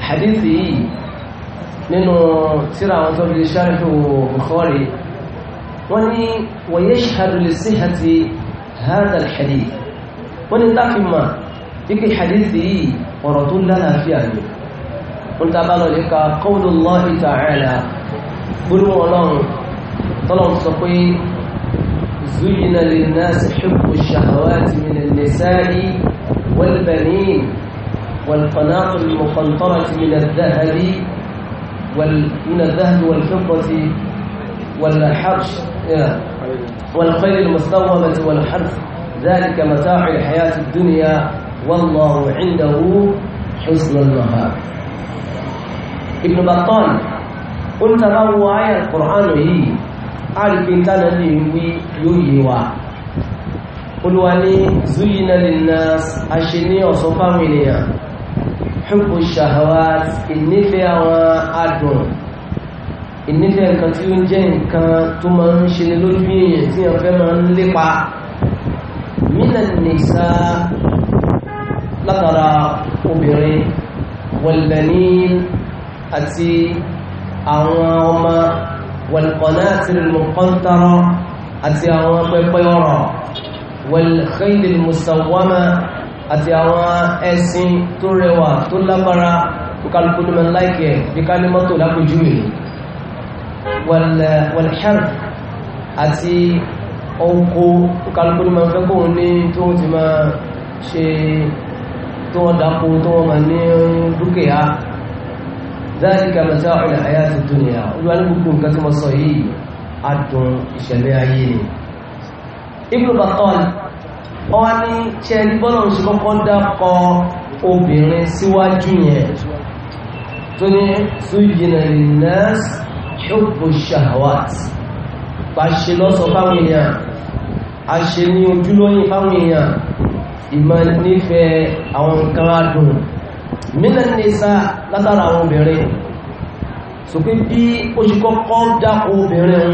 hadithi yìí لأنه كثير عن طب الشارح وبخاري واني ويشهد لصحة هذا الحديث واني داك ما يكي حديث دي ورطول لنا في أهل قلت أبالو لك قول الله تعالى قلوا ولن طلعوا سقي زين للناس حب الشهوات من النساء والبنين والقناطر المقنطرة من الذهب من الذهب والفضة والحرش والخير المصومة والحرث ذلك متاع الحياة الدنيا والله عنده حسن المهار ابن بطان أنت روى آية القرآن هي قال في كان لي قل ولي زين للناس أشني وصفا مني hubbu shahawat ìnífẹ́ àwọn adùn ìnífẹ́ nǹkan tí ó ń jẹ́ nǹkan tó máa ń ṣe lójú èèyàn tí wọ́n fẹ́ máa ń lépa minan nisa látara obìnrin wal banin àti àwọn ọmọ wal qanatir al àti àwọn pẹpẹ ọrọ̀ wal khayl al àti àwọn ẹṣin tó rẹwà tó lágbára kúkálukú ní mẹ́rin láìkẹ́ bí ká ní mọ́tò lápòjúwe wàlhẹ́rù àti ọkọ̀ kúkálukú ní mẹ́rin fẹ́kọ̀ọ́ ní tó ti máa ṣe tó wọ́n dápò tó wọ́n máa ní dúkìá dáríkà mẹ́ta ọ̀nà àyà ti dúnìyà olúwa ní gbogbo nǹkan ọwá ní ṣe rí bọ́lọ̀ ṣe kọ́kọ́ dákọ obìnrin síwájú yẹn tó ní ṣújìnà linnas hubbu shahawat bá ṣe lọ́sọ fáwọn èèyàn a ṣe ní ojúlóyìn fáwọn èèyàn ìmọ̀ nífẹ̀ẹ́ àwọn nǹkan adùn mílẹ̀ nìsa látara àwọn obìnrin so pé bí ó ṣe kọ́kọ́ dákọ obìnrin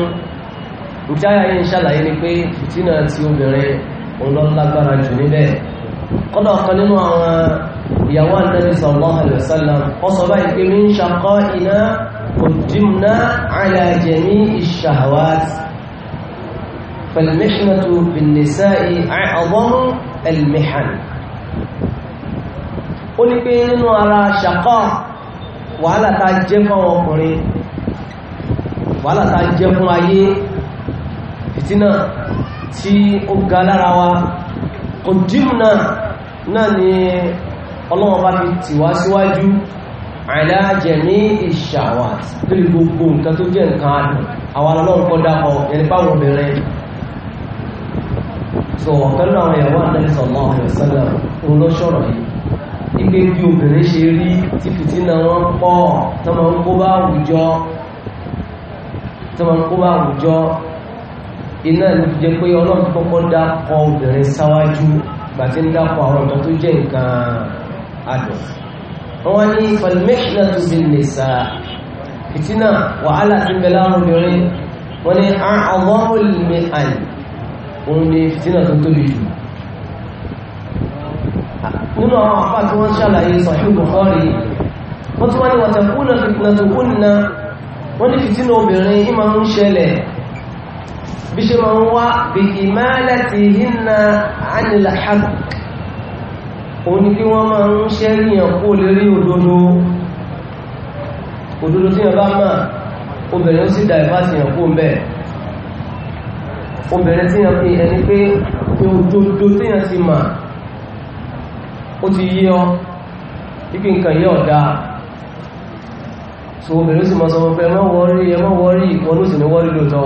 ń jáyà yìí ń ṣàlàyé ni pé fìtínà ti obìnrin ọlọ́lágbára jù níbẹ̀ kọ́dọ̀ kan nínú àwọn ìyàwó ànábì sallallahu alaihi wasallam ó sọ báyìí pé min shaqa'ina quddimna ala jami'i ash-shahawat fal-mihnatu bin-nisa'i a'zamu al-mihan ó ní pé nínú ara wàhálà ta jẹ́ fún ayé fìtínà tí ó ga lára wa kò dìmù náà náà ni ọlọ́wọ́n bá fi tì wá síwájú àìláàjẹ̀ ní ìṣàwà lórí gbogbo nǹkan tó jẹ́ nǹkan àdùn àwọn ọlọ́run kọ́ dákọ̀ ẹni báwọn obìnrin so ọ̀kan náà ìyàwó àdánisọ̀ máa rẹ̀ sẹ́lẹ̀ olóṣọ̀rọ̀ yìí ipé bí obìnrin ṣe rí tí fìtínà wọn pọ̀ tó máa ń kó iná ló jẹ́ pé ọlọ́run kọ́kọ́ dákọ̀ obìnrin sáwájú gbàtí ń dákọ̀ àwọn ọ̀tọ́ tó jẹ́ nǹkan adùn wọ́n ní falmẹ́ṣínà tó bí lè sá fìtínà wàhálà tí ń bẹ láàrùn obìnrin wọ́n ní àwọ̀mọ̀lẹ́mẹ́ àyè òun ni fìtínà tó tóbi jù nínú àwọn tí wọ́n ṣàlàyé Bukhari wọ́n tún wá ní wàtàkùnà tó wọ́n ní obìnrin ìmọ̀ ń ṣẹlẹ̀ bí ṣe máa ń wá bí ìmáàlẹ́tì hínà ánìláhàk òun ni kí wọ́n máa ń ṣẹ́ ríyàn kó lérí òdodo òdodo tí yàn bá máa obìnrin ó sì dà ìbá ti yàn kó ń bẹ̀ obìnrin tí yàn fi ẹni pé òdodo tí yàn ti mà ó ti yé ọ ipi nǹkan yẹ ọ̀dá so obìnrin sì máa sọ wọn pé ẹ má ẹ má wọrí ìwọ́n ló sì wọ́rí lóòótọ́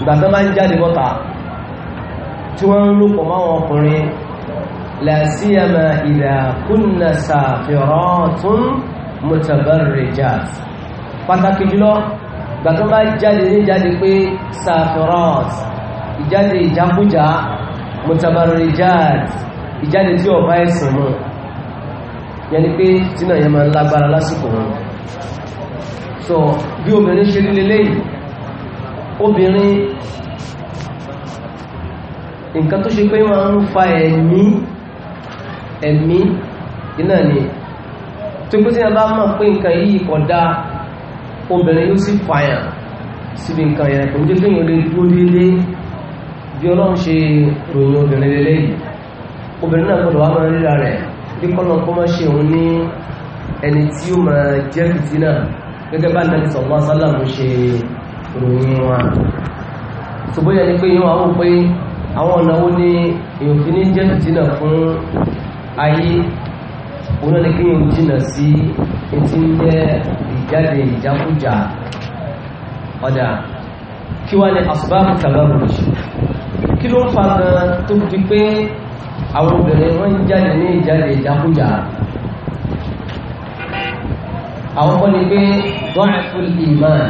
ìgbàtán bá ń jáde bọ́ta tí wọ́n ń lòpọ̀ máwọn ọkùnrin làásíyàmà ìdà kúnnà sàfihàn tún mutabarrijat pàtàkì jùlọ ìgbàtán bá jáde ní jáde pé sàfihàn ìjáde ìjákújá mutabarrijat ìjáde tí ó bá so bí obìnrin ṣe rí lélẹ́yìí obìnrin nǹkan tó ṣe pé máa ń fa ẹ̀mí ẹ̀mí iná ni tó pé tí a bá mọ̀ pé nǹkan yìí kódà obìnrin yóò sì fàyàn síbi nǹkan yẹn kò ní jẹ́ kéèyàn lè dúró délé bí ọlọ́run ṣe ròyìn obìnrin lélẹ́ yìí obìnrin náà gbọ́dọ̀ wá máa ríra rẹ̀ bí kọ́nà kó máa ṣe òun ní ẹni tí ó máa jẹ́ fìtínà gẹ́gẹ́ bá nàbì sallallahu alaihi ṣe ìròyìn wọn ṣùgbọ́n yẹn ni pé yín wà wọ́n pé àwọn ọ̀nà wo ni èèyàn fi ní jẹ́ ìdínà fún ayé òun ni kéèyàn jìnà sí etí ń jẹ́ ìjáde ìjákújà ọ̀dà kí wá ní asbáàbù tàbí kí ló ń fa gan tó fi pé àwọn obìnrin wọ́n ń jáde ní ìjáde ìjákújà àwọn kan ní pé wọ́n á fún ìmáà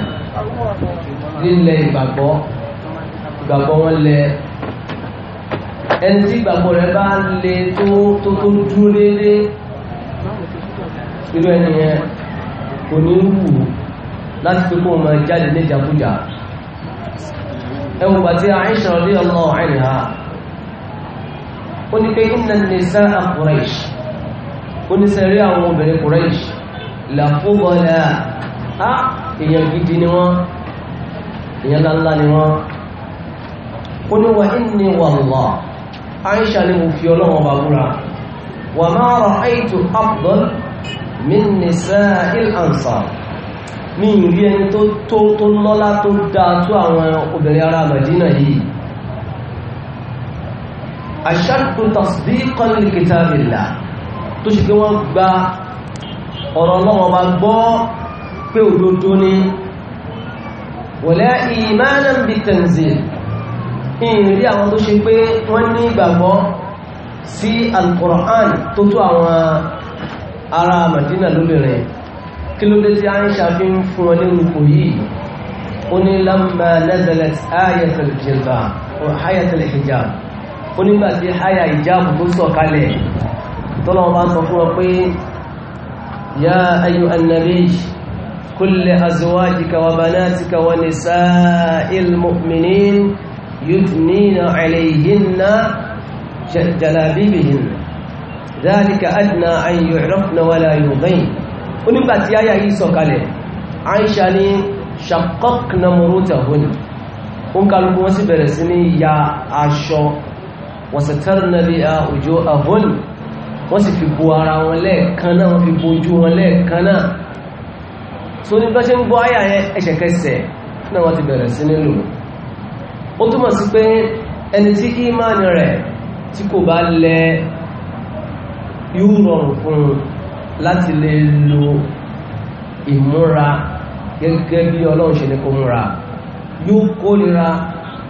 kí ń lẹ ìgbàgbọ́ ìgbàgbọ́ wọn lẹ ẹni tí ìgbàgbọ́ rẹ bá lè tó tó tó dúró déédéé irú ẹni yẹn kò ní wù láti pé kó máa jáde níjàkújà ẹwùn bàtí Aisha radiyallahu anha ó ní pé inna nisaa Quraish ó ní sẹ́rí àwọn obìnrin Quraish làfúbọ̀lá á èèyàn gidi ni wọ́n ìyẹn lánlá ni wọ́n ó ní wa inni wallah Aisha ni mo fi ọlọ́wọ́ bá búra wa ma ra'aytu afdal min nisa'il ansar mi ì rí ẹni tó tó tó lọ́lá tó dáa tó àwọn obìnrin ará Madina yìí ashaddu tasdiqan li kitabillah tó ṣe pé wọ́n gba ọ̀rọ̀ ọlọ́wọ́ bá gbọ́ pé òdodo ni wala imanan bitanzil ìrìnrí àwọn tó ṣe pé wọ́n ní ìgbàgbọ́ sí al-Qur'an tó tó àwọn ará Madina lóbìnrin kí ló dé tí a ń ṣàfi ń fún wọn ní orúkọ yìí ó ní lamma nazalat ayatul كل أزواجك وبناتك ونساء المؤمنين يثنين عليهن جلابيبهن ذلك أدنى أن يعرفن ولا يغين ونبقى تيايا يسوك عليه عائشة شققنا مروتهن òun kálukú wọ́n sì bẹ̀rẹ̀ sí ní ya aṣọ wọ̀sẹ̀tẹ́rìnà bí a òjò àhónì wọ́n sì fi bo ara wọn so ní bẹ́ṣẹ́ ń gbọ́ ayà yẹn ẹsẹ̀kẹsẹ̀ náà wọ́n ti bẹ̀rẹ̀ sí nílò ó túmọ̀ sí pé ẹni tí ìmáàni rẹ̀ tí kò bá lẹ yóò rọrùn fún un láti lè lo ìmúra gẹ́gẹ́ bí ọlọ́run ṣe ní kó múra yóò kórira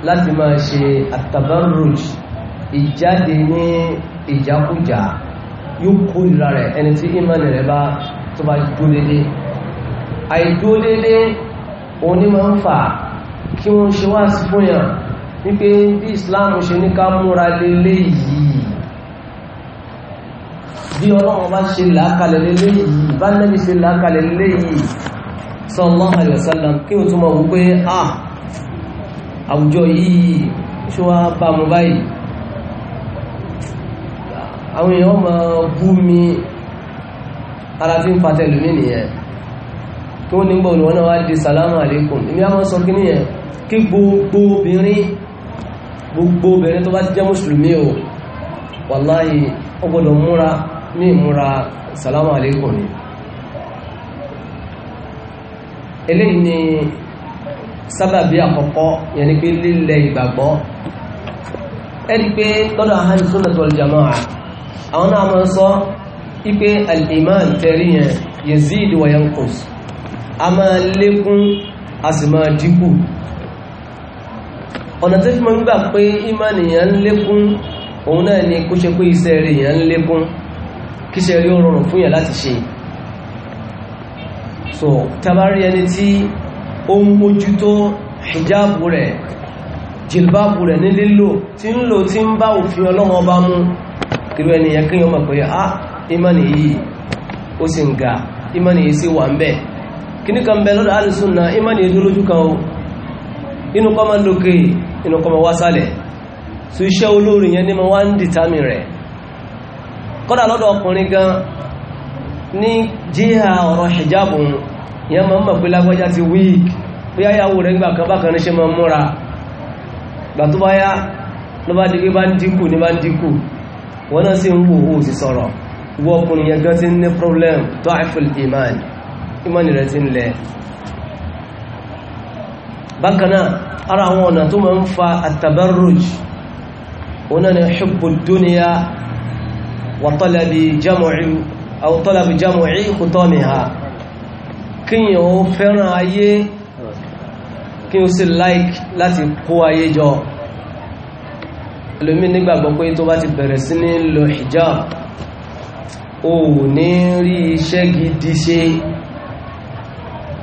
láti máa ṣe àtàbárùj ìjáde ní ìjákújà yóò kórira rẹ̀ ẹni tí ìmáàni rẹ̀ bá tó bá jó àìdúró dédé òun ní máa ń fà kí wọ́n ṣe wá sí fún yàn wípé bí Islam ṣe ní ká múra lélé yìí bí ọlọ́run bá ṣe làákalẹ̀ lélé yìí bá nẹ́bí ṣe làákalẹ̀ lélé yìí sallallahu alaihi wasallam kí o tún mọ̀ wípé ah àwùjọ yìí ṣe wá bá mú báyìí àwọn èèyàn máa bú mi ara tí ń fatẹ́lùmí nìyẹn tó ní gbọ́ olùwọ́n náà wá di salamu alaikum ìmí a máa sọ kí níyẹn kí gbogbo obìnrin gbogbo obìnrin tó bá ti jẹ́ mùsùlùmí o wàláyé ó múra ní ìmúra salamu alaikum ni eléyìí ni sábàbí àkọ́kọ́ yẹn ni pé lílẹ̀ ìgbàgbọ́ ẹni pé lọ́dọ̀ ahlu sunnah wal jamaa àwọn náà máa sọ ipe iman tẹ̀rí yẹn yazidu wa yanqus a máa lékún a sì máa dínkù ọ̀nà tí fi gbà pé ìmánìyàn lékún òun náà ni kó ṣe pé iṣẹ́ rẹ̀ èèyàn lékún kí iṣẹ́ rẹ̀ ó fún yàn láti ṣe so tabari ẹni tí ó ń mójútó hijabu rẹ̀ jìlbáàbù rẹ̀ ní lílò tí ń lò tí ń bá òfin ọlọ́wọ́ bá mú kìrò ẹniyàn kí yọ pé ah ìmánì ó sì ń ga ìmánì yìí wà ń bẹ́ẹ̀ Kini kan bẹ lọ́dọ̀ alìsúnà imani ìdúlójú kan o Inu kọ́ ma inu inú kọ́ ma wá sálẹ̀ tó iṣẹ́ olórin yẹn ní ma wá ń dìtàmì rẹ̀ kọ́dà lọ́dọ̀ ọkùnrin gan ní jíhà ọ̀rọ̀ hijabu yẹn ma ń mọ̀ pé lágbájá ti wíìk pé ayáwó rẹ̀ gbà kan bákan níṣẹ́ ma múra gbà tó bá yá ló di pé bá ń dínkù ní bá ń dínkù wọ́n náà sì ń wò ó sì sọ̀rọ̀ gan ti ní problem tó iman ìmánì rẹ̀ ti ń lẹ̀ bákanáà ara àwọn ọ̀nà tó máa ń fa àtàbárùj ọ̀nà ni hubbu dúníyà wà tọ́lẹ̀bì jam'i khutamiha kíyàn ó fẹ́ràn ayé kí ó sì láìkì láti kó ayé jọ ẹlòmí nígbàgbọ́ pé tó bá ti bẹ̀rẹ̀ sí ní lo hijab ò ní rí iṣẹ́ gidi ṣe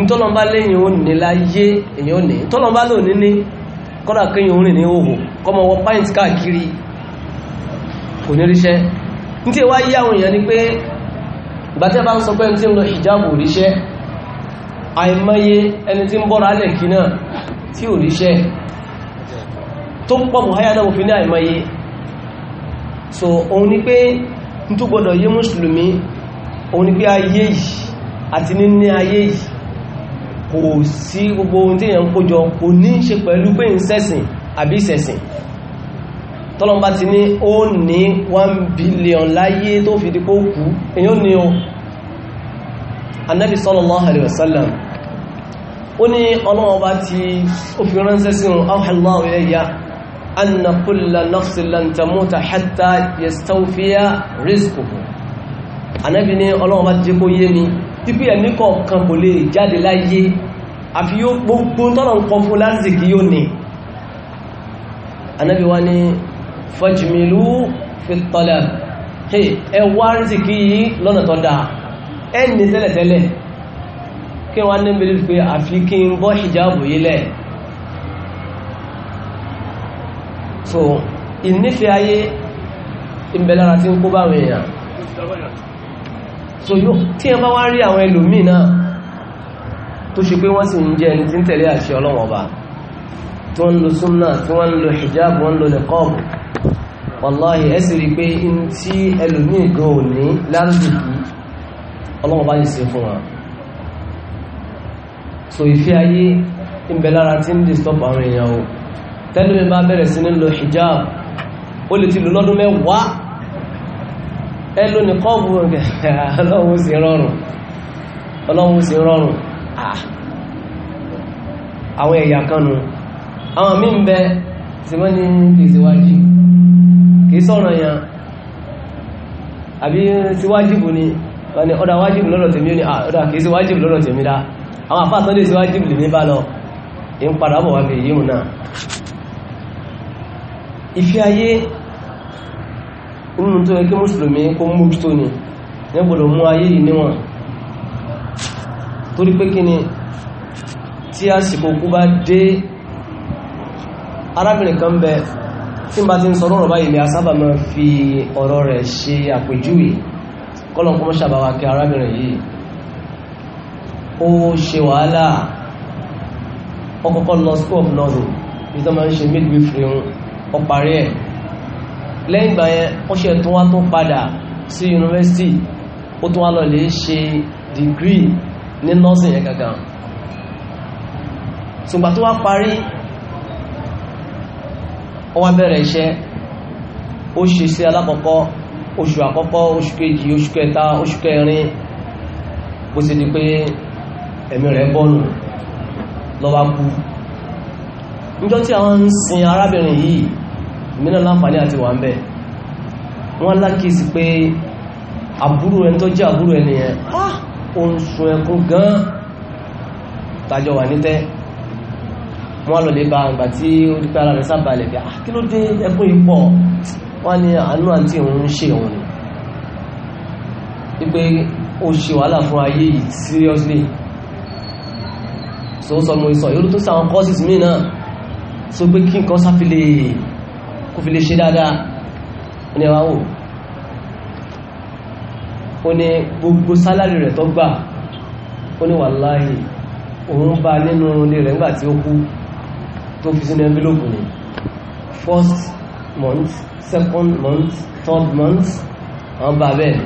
ìtọ́lọ́mbá lẹ́yìn ò ní láyé èyàn ò ní ìtọ́lọ́mbá lò ní ní kọ́dà kéyàn orin ní òhò kọmọ wọ pint káàkiri kò ní ríṣẹ́ ní tí wá yí àwọn èèyàn ni pé ìgbàtẹ́ bá ń sọ pé ẹni tí ń lọ hijabu ríṣẹ́ àìmọye ẹni tí ń bọ́ra alẹ̀ kí náà tí ò ríṣẹ́ tó pọ̀ bù háyà so òun ni pé ní tó gbọdọ̀ yé mùsùlùmí òun ni pé ayé àti níní ayé yìí kò sí gbogbo ohun tí èyàn kójọ kò ní ṣe pẹ̀lú pé ń sẹ́sìn àbí ìsẹ̀sìn tọ́lọ́mbá ti ní ó ní 1 billion láyé tó fi dípò kú èyàn ní o anábi sallallahu alaihi wasallam ó ní ọlọ́ọba ti ó fi ránṣẹ́ sí ọ̀hánláwò ẹ̀yà tí pé ẹ̀mí kọ̀ọ̀kan kò lè jáde láyé àfi yóò gbogbo tọ́nà ń kọ fún lásìkí yóò ní anábi wá ní fọ́jìmìlú fìtọ́lẹ̀ ẹ wá rìsìkí yìí lọ́nà tó dáa ẹni tẹ́lẹ̀tẹ́lẹ̀ kí wọ́n ní bèèrè pé àfi kí n bọ́ hijabu yìí so ìnífẹ́ ayé ìbẹ̀lára tí ń kó báwọn èèyàn so yóò tí ẹ bá wá rí àwọn ẹlòmíì náà tó ṣe pé wọ́n sì ń jẹ́ ẹni tí ń tẹ̀lé àṣẹ ọlọ́wọ́n ọba tí ń lo súnà tí wọ́n lo hijab wọ́n ń lo nìkọ́ọ̀bù wàláhì ẹ sì rí pé in tí ẹlòmíì gan ní lárúbìkì ọlọ́wọ́n so ìfẹ́ ayé ń bẹ lára tí ń disturb àwọn èèyàn o tẹ́lẹ̀ bá hijab ó lè ti lò ẹlò ní kọ́ọ̀bù [laughs] ọlọ́run sí rọrùn ọlọ́run sí rọrùn àwọn ẹ̀yà kanu àwọn mí ń bẹ tí wọ́n ní ìsíwájú kì í sọ̀rọ̀ yẹn àbí síwájú bù ni wọ́n ọ̀dà wájú lọ́dọ̀ tèmi ní ọ̀dà kì í síwájú tèmi dá àwọn nínú tó yẹ kí mùsùlùmí kó mú tó ní nígbòdò mú ayé yìí níwọ̀n torí pé kí ni tí àsìkò kú bá dé arábìnrin kan bẹ tí n bá ti ń sọ lọ́rọ̀ báyìí ni a sábà máa fi ọ̀rọ̀ rẹ̀ ṣe àpèjúwe kọ́lọ̀ kọ́mọ́ arábìnrin yìí ó ṣe wàhálà ọkọ̀kọ́ lọ school of nursing ìtọ́ máa ń ṣe midwifery ọparí ẹ̀ lẹ́yìn ìgbà yẹn ó ṣe tó wá tó padà sí yunifásitì ó tó wá lọ lè ṣe dìgírì ní nọ́ọ̀sì yẹn gangan ṣùgbọ́n tó wá parí ó wá bẹ̀rẹ̀ iṣẹ́ ó ṣe sí alákọ̀ọ́kọ́ oṣù àkọ́kọ́ oṣù kejì oṣù kẹta oṣù kẹrin bó ṣe di pé ẹ̀mí rẹ̀ bọ́nù lọ́wọ́ kú níjọ́ tí àwọn ń sin arábìnrin yìí mìíràn láǹfààní àti wà ń bẹ̀ wọ́n lákìsí pé àbúrò ẹni tó jẹ́ àbúrò ẹni yẹn ah, ó ń sun ẹkún gan tàjọ wà nítẹ́ wọ́n lọ lè ba àgbà tí ó dípẹ́ ara rẹ̀ sábàlẹ̀ bí ah, kí ló dé ẹkún yìí pọ̀ wọ́n ní àánú àti òun ń ṣe òun ni wípé ó ṣe wàhálà fún ayé yìí seriously so sọ mo sọ yóò tó sàwọn courses míì náà so pé kí nǹkan sáfilé kò fi lè ṣe dáadáa ní ẹwà wò ó ní gbogbo sálárì rẹ̀ tó gbà ó ní wàláhì òun bá nínú ilé rẹ̀ nígbà tí ó kú tó fi sínú envelope ni first month second month third month àwọn bá bẹ́ẹ̀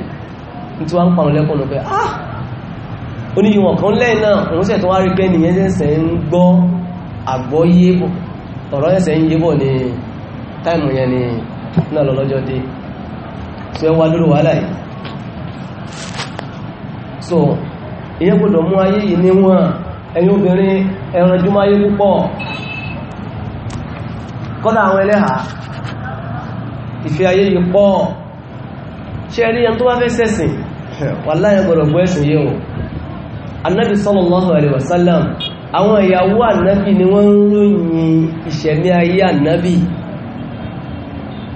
tí wọ́n ń pàrọ̀ lẹ́kọ̀ọ́ lọ́pẹ́ ah oníyíwọ̀n kan lẹ́yìn náà òun sẹ̀ tó wá rí pé nìyẹn sẹ̀ ń gbọ́ àgbọ́yé ọ̀rọ̀ ẹ̀sẹ̀ ń yébọ̀ ni táìmù yẹn ni náà lọ lọ́jọ́ dé tí ó wá lórí so iye gbọ́dọ̀ mú ayé yìí níwọ̀n ẹ̀yin obìnrin ẹranjúmọ́ ayé púpọ̀ kọ́dà àwọn ẹlẹ́hà ìfẹ́ ayé yìí pọ̀ ṣe rí ẹn tó bá fẹ́ sẹ́sìn wà láyé gbọ́dọ̀ gbọ́ ẹ̀sìn yìí o anábì sallallahu alaihi wasallam àwọn ìyàwó anábì ni wọ́n ń ròyìn ìṣẹ̀mí ayé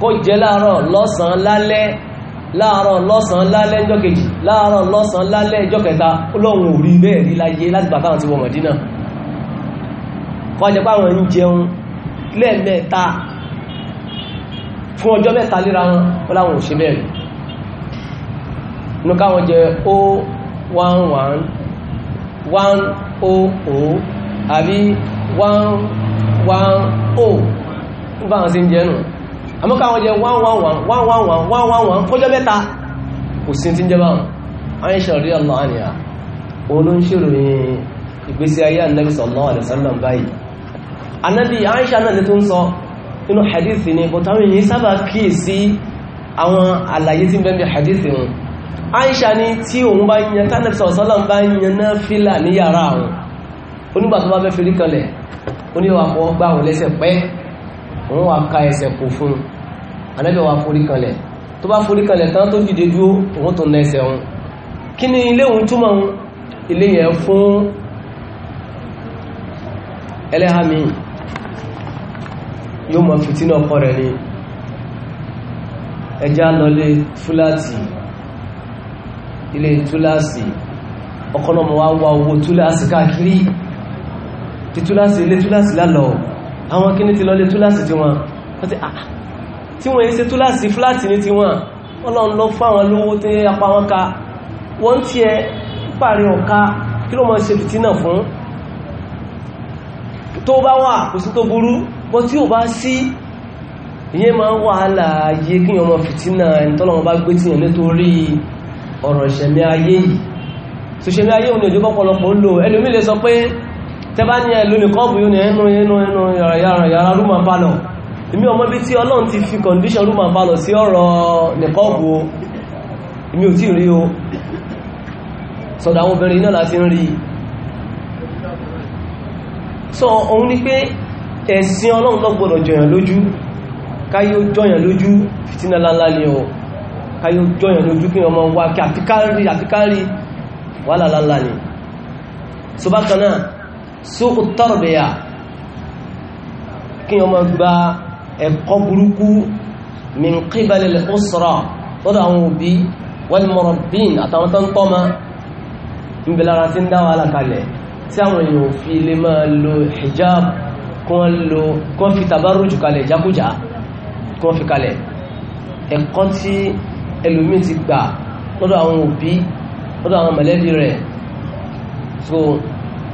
kó jẹ láàárọ̀ lọ́sàn lálẹ́ láàárọ̀ lọ́sàn lálẹ́ ẹjọ́ kejì láàárọ̀ lọ́sàn lálẹ́ ẹjọ́ kẹta olóhun rí bẹ́ẹ̀ rí láyé láti bàtà àwọn ti wọ Mọ̀dínà kọjẹ páwọn ń jẹun lẹ́ẹ̀mẹ́ta fún ọjọ́ mẹ́ta léra wọn láwọn ò ṣe inú káwọn jẹ 011 100 àbí 110 ń bá wọn sí ń jẹ nù àmọ́ká àwọn jẹ 111 kọjọ́ mẹ́ta kò sí tí ń jẹba Aisha radiyallahu anha olóńṣèrò ní ìgbésí ayé annabi sallallahu alaihi wasallam báyìí annabi Aisha náà ní tó ń sọ nínú hadithi ni bọ̀ táwọn èyí sábà kíì sí àwọn àlàyé tí ń bẹ́ẹ̀ hadithi wọn Aisha ní tí òun bá yan tánàbí sallallahu bá yan náà fílà ní yàrá àwọn onígbà tó bá fẹ́ fi rí kanlẹ̀ oníwà fọ́ gbà wọn lẹ́sẹ̀ pẹ́ òun wà ká ẹsẹ̀ kò fún un anábì wa forí kanlẹ̀ tó bá forí kanlẹ̀ tán tó dìde dúró òun tó na ẹsẹ̀ òun kí ni ilé òun túmọ̀ òun ilé yẹn fún ẹlẹ́hà mi yóò mọ fìtínà ọkọ rẹ̀ ni ẹjá lọlé fúláàtì ilé túláàsì ọkọ̀ náà mọ̀ wá wá owó túláàsì káàkiri ti túláàsì ilé túláàsì lálọ́ọ̀ àwọn kíní ti lọlé túláàsì tí wọn ah, tí wọ́n yí ṣe túláàsì fúláàtì ní tí wọ́n ọlọ́run lọ fún àwọn lówó tí apá wọn ká wọ́n tí ẹ pàrí ọ̀ká kí ló máa ṣe fìtínà fún tó bá wà kò sí tó burú bọ́ tí ò bá sí ìyẹn máa wà láàyè kí ọmọ fìtínà ẹni tọ́lọ́wọ́n tẹ́bá ní ẹ̀lú ní kọ́ọ̀bù yóò ní ẹnu ẹnu ẹnu yàrá rúmà pálọ̀ ìmí ọmọ bí tí ọlọ́run ti fi condition rúmà pálọ̀ sí ọ̀rọ̀ ní kọ́ọ̀bù o ìmí ò tí rí o sọ̀dọ̀ àwọn obìnrin náà láti ń rí sọ òun ni pé ẹ̀sìn ọlọ́run ló gbọ́dọ̀ jọyàn ni o káyé ó ni so sókù tọ́rọ̀bẹ̀yà kí wọ́n máa gba ẹ̀kọ́ burúkú min kíbalẹ̀ ọ̀sọ̀rọ̀ lọ́dọ̀ àwọn òbí wal murabbin àtàwọn tó ń tọ́ ma ń bẹ lára tí ń dá wàhálà kalẹ̀ tí àwọn èèyàn ò fi lè máa lo hijab kí wọ́n fi tàbárò jù kalẹ̀ jákújá kí wọ́n fi kalẹ̀ ẹ̀kọ́ tí ẹlòmíì ti gbà lọ́dọ̀ àwọn òbí lọ́dọ̀ àwọn mọ̀lẹ́bí rẹ̀ so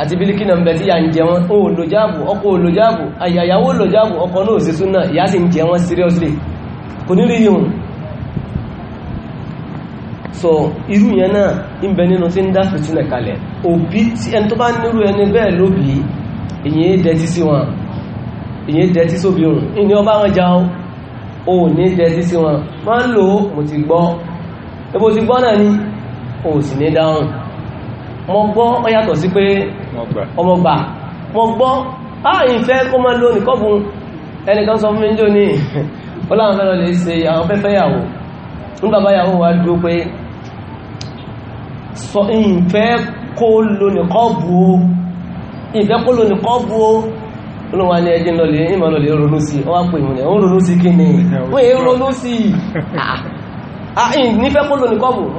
àti bílíkì náà bẹ̀tí ya ń jẹ wọn o lòjáàbù ọkọ lòjáàbù ọkọ náà sí súnà ìyá sì ń jẹ wọn seriously kò ní rí yìí so irú yẹn náà ń nínú tí ń dá fìtínà kalẹ̀ òbí tí ẹni tó bá nírú ẹni bẹ́ẹ̀ lóbi ìyẹn dẹ̀tí sí wọn ìyẹn dẹ̀tí sóbi òun ìní ọba wọn já o ní dẹ̀tí sí wọn máa ń lò ó mo ti gbọ́ ni sì mo gbọ́ ọ sí pé ọmọgbà mo gbọ́ ààyìn fẹ́ kó máa lónìí kọ́bùn ẹnìkan sọ fún mi jò ní ọláwọn lè ṣe àwọn fẹ́fẹ́ yàwó ní bàbá yàwó wa dúró pé ìfẹ́ kó lónìí kọ́bù o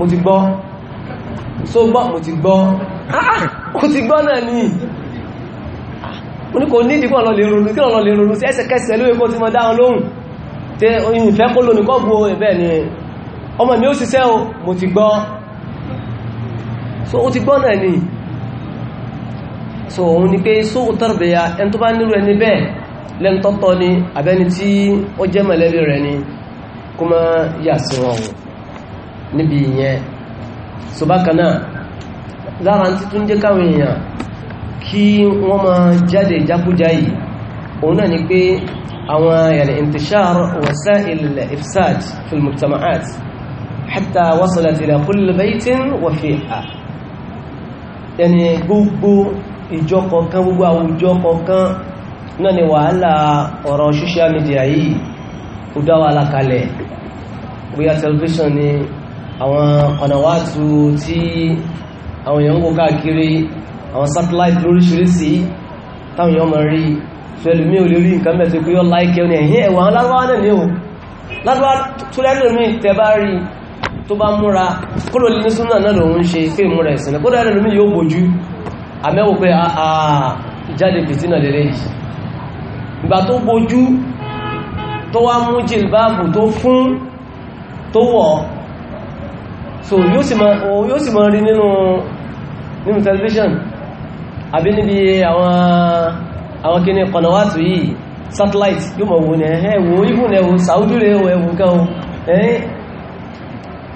ní [laughs] [laughs] so gbọ́ mo ti gbọ́ ah, ah, mo ti gbọ́ náà ah, ní oníkò ní ìdíkọ̀ lọ lè ronú kí lọ lè ronú sí ẹsẹ̀kẹsẹ̀ lórí kó ti mọ dáhùn lóhùn tẹ ìfẹ́ kó lónìí kọ́ bu ẹ̀bẹ̀ ni ọmọ mi ó ṣiṣẹ́ o mo ti gbọ́ so ó ti gbọ́ so òun ni pé so ó tọ́rọ̀bẹ̀yà ẹni tó bá nírú ẹni bẹ́ẹ̀ ni àbẹ́ni tí ó jẹ́ ni kó má yà sí wọn níbi ìyẹn so bákanáà lára tí tún jẹ́ káwọn èèyàn kí wọ́n máa jáde jákújá yìí òun náà ni pé àwọn yàrá intishar wasa'il ifsad fil mujtama'at hatta wasalat ila kulli baytin wa fi'a yàní gbogbo ìjọ kọ̀ọ̀kan gbogbo àwùjọ kọ̀ọ̀kan náà ni wàhálà ni àwọn kọ̀nàwátù tí àwọn èèyàn ń kó káàkiri àwọn satellite lóríṣiríṣi táwọn èèyàn mọ̀ rí fẹ́lú mí ò lè rí nǹkan mẹ́tò pé yọ́ láìkẹ́ ní ẹ̀yìn ẹ̀wọ̀ àwọn lárúbáwá náà ní o lárúbá tó lẹ́nu mi tẹ bá rí tó bá múra kúrò ní súnà náà lòun ṣe pé múra ẹ̀sìn kó lẹ́nu mi yóò bójú tó wá mú jìlbáàbù tó fún tó wọ̀ so yóò sì mọ́ rí nínú nínú television àbí níbi àwọn àwọn kíní kọ̀nàwàtù yìí satellite yóò mọ̀ wò ní ẹ̀wò ìbùn ẹ̀wò Saudi rẹ̀ ẹ̀wò ẹ̀wò gan ẹ̀yìn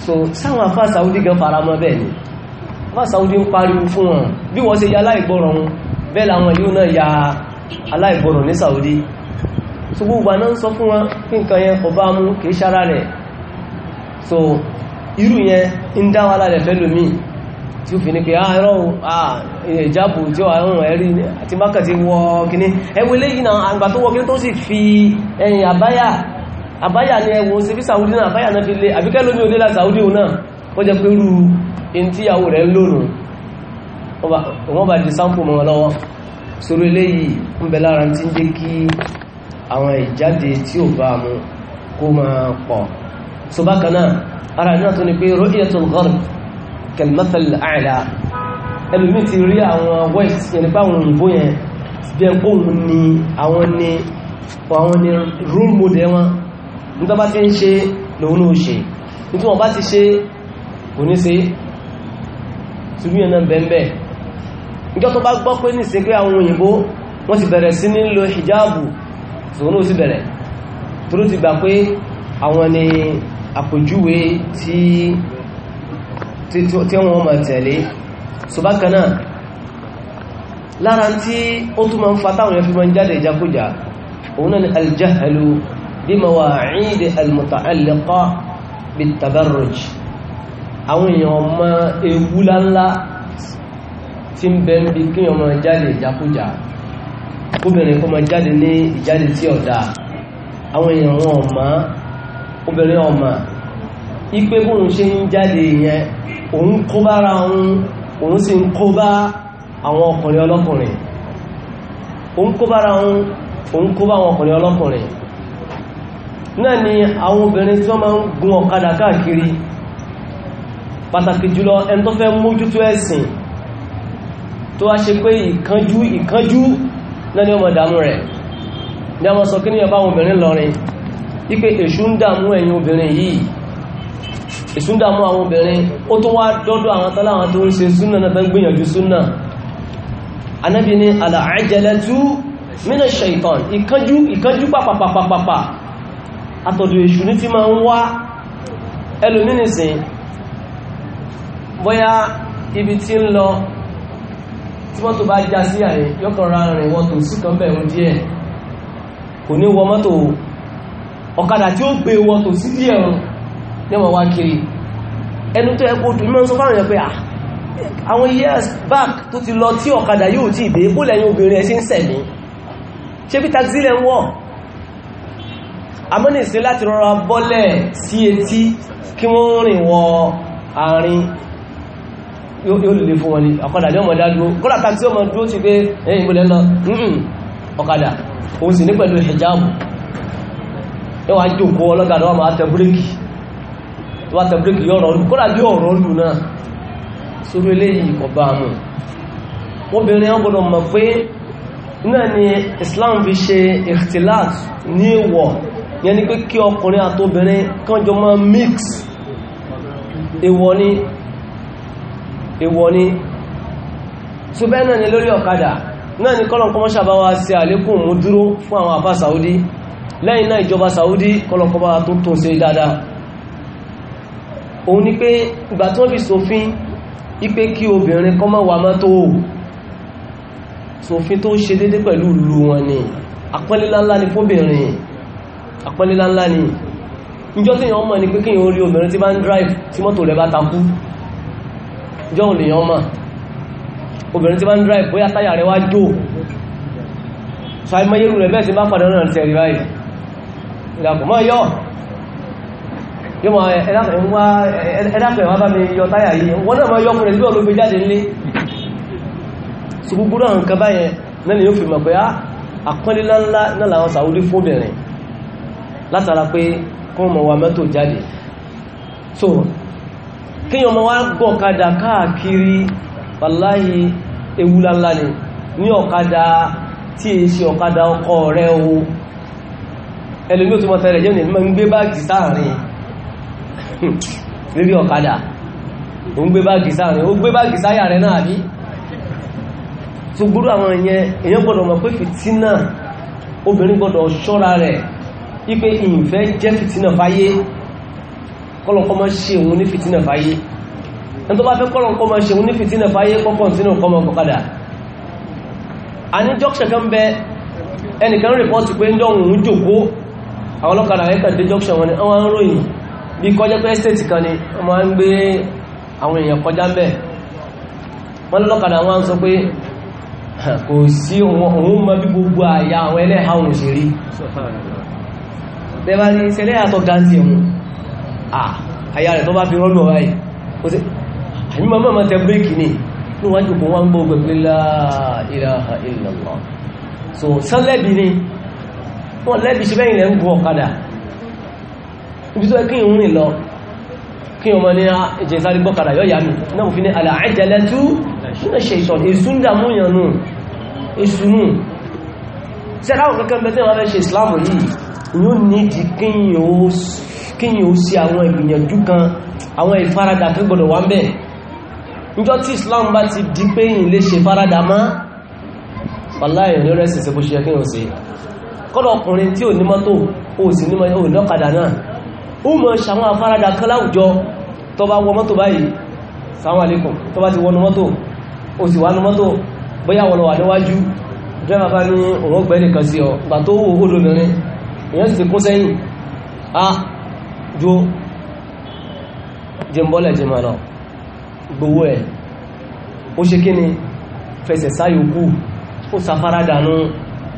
so sáwọn afá Saudi gan fara mọ́ bẹ́ẹ̀ ni afá Saudi ń pariwo fún wọn bí wọ́n ṣe ya aláìgbọ́rọ̀ wọn bẹ́ẹ̀ làwọn yóò náà ya aláìgbọ́rọ̀ ní Saudi so gbogbo àná ń sọ fún wọn kí nǹkan yẹn kò bá mú kìí ṣára rẹ̀ so irú yẹn ń dá wa lálẹ́ fẹ́ lómi tí ó fi ní pé àárọ̀ ah, ah, ìjábò tí ó àárùn ẹ̀rí àti mákà ti wọ kíní ẹwọ eléyìí náà àgbà tó wọ kíní tó sì fi ẹ̀yìn àbáyà àbáyà ni ẹwọ sí fi Saudi náà àbáyà náà fi lé àbíkẹ́ lómi olé láti Saudi náà ó jẹ pé rú in tí ìyàwó rẹ̀ lónù wọ́n bá di sampo mọ́ lọ́wọ́ sórí eléyìí ń bẹ lára tí ń jẹ́ so bákan ara náà tó ní pé ru'yatul gharb kal-mathal al-a'la ẹlùmí ti rí àwọn west yẹn nípa àwọn òyìnbó yẹn bí ẹ kó ní àwọn ní àwọn ní role model wọn nígbà bá ti ń ṣe lòun ó ṣe nítorí wọn bá ti ṣe kò ní ṣe tìrú yẹn náà bẹ́ẹ̀ níjọ́ tó bá gbọ́ pé àpòjúwe tí wọ́n ma tẹ̀lé so bákanáà lára tí ó tún ma ń fa táwọn ẹfí ma ń jáde ìjákújá òun náà ni aljahalu bí mawa'id almuta'alliqa bit tabarruj àwọn èèyàn ọmọ ewu láńlá tí ń bẹ níbi kí ọmọ jáde ìjákújá kóbìnrin kó ma jáde ní ìjáde tí ọ̀dá àwọn èèyàn wọn ọmọ obìnrin ọmọ ipé bóun ṣe ń jáde yẹn òun kó bára òun òun sì ń kó bá àwọn ọkùnrin ọlọ́kùnrin òun kó bára òun òun kó bá àwọn ọkùnrin ọlọ́kùnrin náà ni àwọn obìnrin tí wọ́n máa ń gun ọ̀kadà káàkiri pàtàkì jùlọ ẹni tó fẹ́ mójútó ẹ̀sìn tó wá ṣe pé ìkánjú ìkánjú náà ni ọmọ ìdàmú rẹ̀ ni a máa sọ kí ní ẹ̀bá obìnrin lọrin ipe èṣù ń dàmú ẹ̀yin obìnrin yìí èṣù ń dàmú àwọn obìnrin ó tó wá dọ́dọ̀ àwọn tọ́lá àwọn tó ń ṣe súnà náà tó ń gbìyànjú súnà anábi ni alàájẹ́lẹ́tú mina shaitan ìkánjú ìkánjú pàpàpàpàpà àtọ̀dọ̀ èṣù ní ti ma ń wá ẹlòmínisìn bóyá ibi tí ń lọ tí mọ́tò bá já sí àrẹ yọ́kànra rẹ̀ wọ́n tó sí kan bẹ̀rún díẹ̀ kò ní wọ mọ́tò ọ̀kadà tí ó gbé wọ tó sí díẹ̀ ọ̀rùn lẹ́wọ̀n wá kiri ẹnu tó ẹkù tó mọ́ sọ fáwọn èèyàn pé ah, àwọn years back tó ti lọ tí ọ̀kadà yóò tí ìbé kó lẹ́yìn obìnrin ẹ̀ṣẹ́ ń sẹ̀mí ṣe bí taxi lẹ́ ń wọ̀ amọ́nìsẹ́ láti rọra bọ́lẹ̀ sí etí kí wọ́n rìn wọ àárín yóò lè fún wọn ni ọ̀kadà ní ọmọdá dúró kọ́lá taxi ọmọ dúró ti pé ẹ̀yìn ìgbẹ̀lẹ́ lọ ọ̀kadà òun sì ní pẹ̀lú hijabu ẹ wá jókòó ọlọ́gàdà wà máa tẹ bíríkì tó bá tẹ bíríkì yọ ọ̀rọ̀ kọ́lá bí ọ̀rọ̀ lù náà sórí eléyìí ọba àmù obìnrin wọn gbọdọ̀ mọ̀ pé náà ni Islam fi ṣe ikhtilat ní ìwọ̀ yẹn ni pé kí ọkùnrin àtobìnrin kánjọ máa mix ìwọ̀ ni ìwọ̀ ni tó bẹ́ẹ̀ náà ni lórí ọ̀kadà náà ni kọ́lọ̀ kọ́mọ́ṣàbáwá sí àlékún mú dúró fún àwọn àbá Saudi lẹ́yìn náà ìjọba Saudi kọlọ̀kọba tó tún ṣe dáadáa òun ni pé ìgbà tí wọ́n fi ṣòfin ipé kí obìnrin kọ́ mọ́ wà mọ́ tó ṣòfin tó ṣe dédé pẹ̀lú ìlú wọn ni àpọ́nlélánlá ni fóbìnrin àpọ́nlélánlá ni ìjọ tí èèyàn mọ̀ ni pé kíyàn orí obìnrin tí bá ń drive tí mọ́tò rẹ̀ bá takú ìjọ òun lèèyàn mọ̀ obìnrin tí bá ń drive bóyá táyà rẹ̀ wá jò so àìmọye rẹ̀ bẹ́ẹ̀ sí bá padà náà tẹ̀rí báyìí ìdàkùn mọ́ yọ́ yóò mọ̀ ẹ̀dàkùn ẹ̀wà bá mi yọ táyà yìí wọ́n náà mọ́ yọ́kùnrin bí olóògbé jáde nílé ṣùgbúgbúrú àwọn nǹkan báyẹn lẹ́ni yóò fi mọ̀ pé àkọ́lélánlá náà làwọn sàúdí fóbìnrin látara so ni ẹlòmí ò tó mọ́ta rẹ̀ jẹ́ ní ma ń gbé báàgì sáàrin lórí ọ̀kadà ó ń gbé báàgì sáàrin ó gbé báàgì sáyà rẹ̀ náà bí tó gbúrú àwọn ìyẹn èyàn gbọ́dọ̀ mọ̀ pé fìtínà obìnrin gbọ́dọ̀ ṣọ́ra rẹ̀ wípé ìfẹ́ jẹ́ fìtínà fáyé kọ́lọ̀kọ́ mọ́ ṣe òun ní fìtínà fáyé ẹni tó bá fẹ́ kọ́lọ̀kọ́ àwọn ọlọ́kadà ẹ̀kà dé junction wọn ni wọ́n ń ròyìn bí kọjá pé estate kan ni wọ́n máa ń gbé àwọn èèyàn kọjá ń bẹ̀ wọ́n lọ́kadà wọ́n ń sọ pé kò sí òun mọ́ bí gbogbo àyà àwọn ẹlẹ́ha òun ṣe rí bẹ́ẹ̀ bá ní ṣẹlẹ́ àtọ́ dáńtì ẹ̀mú àyà rẹ̀ tó bá fi rọ́lù ọ̀rá yìí kò sí àmì mọ́ mọ́ tẹ bíríkì ní níwájú kò wọ́n ń gbọ́ gbẹ̀gbẹ̀ la ilaha so sánlẹ̀bì ni wọ́n lẹ́bi ṣe bẹ́yìn lẹ́ ń gun ọ̀kadà ibi tó kí n rìn lọ kí ọmọ ní ah, ìjẹsàrí gbọ́kadà yọ́ yàmì náà kò fi ní àlàájẹ́lẹ́ tú ṣúnà ṣe ìṣọ̀ èsù ń dàmú yànnú èsù nù sí akáwọn kankan bẹ́tẹ̀ wọ́n fẹ́ ṣe Islam yìí yóò nídi kíyàn ó sí níjọ́ tí Islam bá ti di pé yìí ṣe faradà mọ́ wàláyìn lórí ẹ̀sìn sí bó ṣe yẹ kọ́lọ̀ ọkùnrin tí ò ní mọ́tò ò sí ní ọ̀nàkàdà náà ó mọ̀ ṣàwọn afárádà kan láwùjọ tó bá wọ mọ́tò báyìí sàwọn àlékùn tó bá ti wọnú mọ́tò ó sì wà ní mọ́tò bóyá wọ́n lọ wà níwájú dẹ́mà bá ní òun gbẹ́ nìkan sí ọ gbà tó wò ó lóbìnrin èèyàn jo jẹ́mbọ́lẹ̀ jẹ́mà lọ gbowó ẹ̀ ó ni fẹsẹ̀ sáyòkú ó sàfárádà náà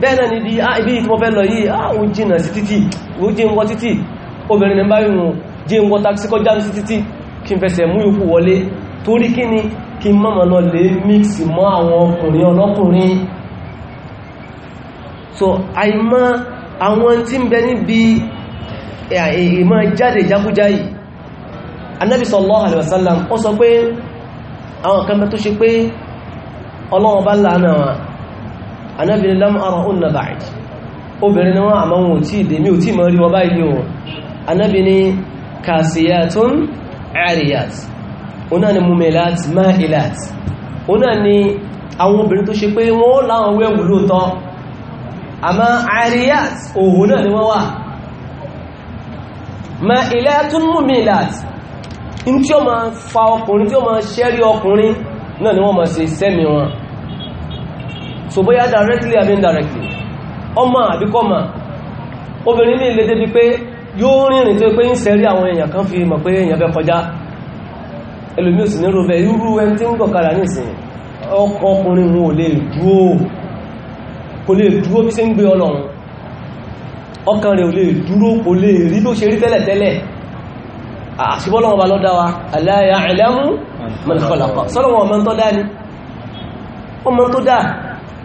bẹ́ẹ̀nà níbi ah, ibi tí wọ́n fẹ́ lọ yìí àwọn ah, jìnà sí ji ó jẹ́ ń wọ́ títì obìnrin ní báyìí wọn jẹ́ ń wọ́ taxi kọjá sí títì kí n fẹsẹ̀ mú wọlé torí kí ni kí mọ́mọ̀ lọ ọkùnrin ọlọ́kùnrin so àìmọ́ àwọn tí ń bẹ níbi ìmọ̀ jáde jákújá anábìnrin lam ara unna ba'id obìnrin ni wọ́n àmọ́ wọn tí ìdè mí ò tí mọ́ rí wọ́n báyìí o anábìnrin kasiyatun ariyat oná ni mumilat ma'ilat oná ni àwọn obìnrin tó ṣe pé wọ́n láwọn wẹ́wù lóòtọ́ àmá ariyat òhun náà ni wọ́n wà ma'ilatun mumilat in tí ó ma fa ọkùnrin tí ó ma ṣẹ́rí ọkùnrin náà ni wọ́n ma ṣe sẹ́mi wọn so bóyá directly àbí indirectly ọmọ àbíkọ́mà obìnrin lè lè débi pé yóò rìnrìn tó pé ń sẹ́rí àwọn èèyàn kan fi mọ̀ pé èèyàn bẹ́ kọjá ẹlòmí òsì ní rọ̀bẹ̀ irú ẹni tí ń gọ̀kadà nísìn ọkọ̀ ọkùnrin wọn ò lè dúó kò lè dúó bí sí ń gbé ọlọ́run ọkàn rẹ̀ ò lè dúró kò ọmọ tó dáa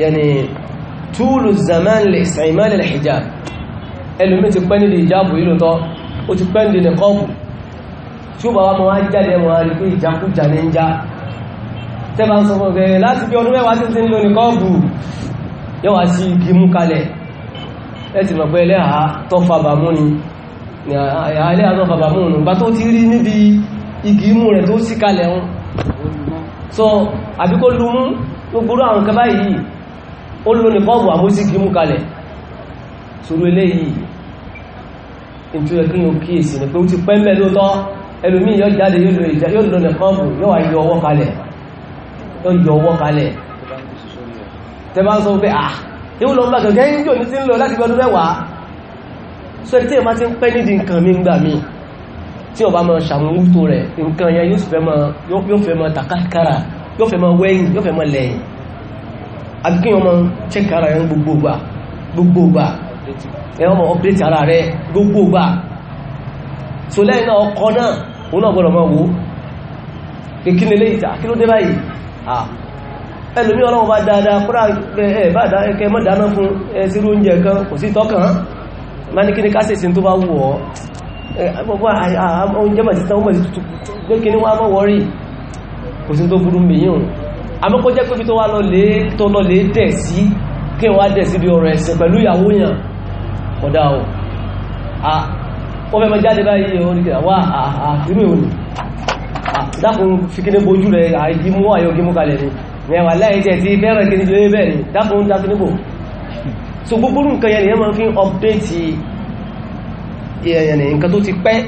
yani túlù zaman lè sàìmán lè hijab ẹlùmí ti pẹ́ nílé ìjábù yìí lótọ́ ó ti pẹ́ nílé nìkọ́bù tí ó bá wá mọ́ wá jáde mọ́ rí pé ìjákújà ní ń já tẹ́bà ń sọ fún ọ̀gẹ́ láti bí ọdún mẹ́wàá títí nílò nìkọ́bù yóò wá sí igi mú kalẹ̀ gbogbo àwọn kan báyìí ó ló ní kọ́ọ̀bù àmúsíkì mú kalẹ̀ sórí eléyìí tí ó kí yóò kíyèsí ní pé ó ti pẹ́ mẹ́ lóòtọ́ ẹlòmí yóò jáde yóò lò ní kọ́ọ̀bù yóò wá yọ ọwọ́ kalẹ̀ yóò yọ ọwọ́ kalẹ̀ tẹ bá ń sọ pé à yóò lọ gbàgbà gẹ́gẹ́ yóò ní ti ń lọ láti mi ń gbà mí tí ọba máa ṣàmúhútó rẹ̀ nǹkan yẹn yóò fẹ́ máa tàkàkàrà yóò fẹ́ máa wẹ́yìn yóò fẹ́ máa lẹ́yìn àbíkí ọmọ check ara rẹ̀ gbogbogbà gbogbogbà ẹ̀wọ̀n update ara rẹ̀ gbogbogbà so lẹ́yìn náà ọkọ̀ náà òun náà gbọ́dọ̀ máa wo kí ni léyìí tà kí ló dé báyìí ẹlòmí ọlọ́wọ́ bá dáadáa kúrò ẹ̀ bá dákẹ́ mọ́ dáná fún ẹsírú oúnjẹ kan kò sí tọ́kàn má ní kí ní kásẹ̀sì tó bá wù ọ́ oúnjẹ mọ̀ àmọ́ kó jẹ́ pé bí tó wá lọ lè tó lọ lè dẹ̀ sí kí wá dẹ̀ sí bí ọ̀rọ̀ ẹ̀sìn pẹ̀lú ìyàwó yàn kọ̀dá o ó fẹ́ mọ jáde báyìí ó ní wá ni mẹ́wàá láìjẹ́ tí fẹ́ràn kí ní jẹ́ bẹ́ẹ̀ ni dákun ni yẹn máa update yẹn nǹkan tó ti pẹ́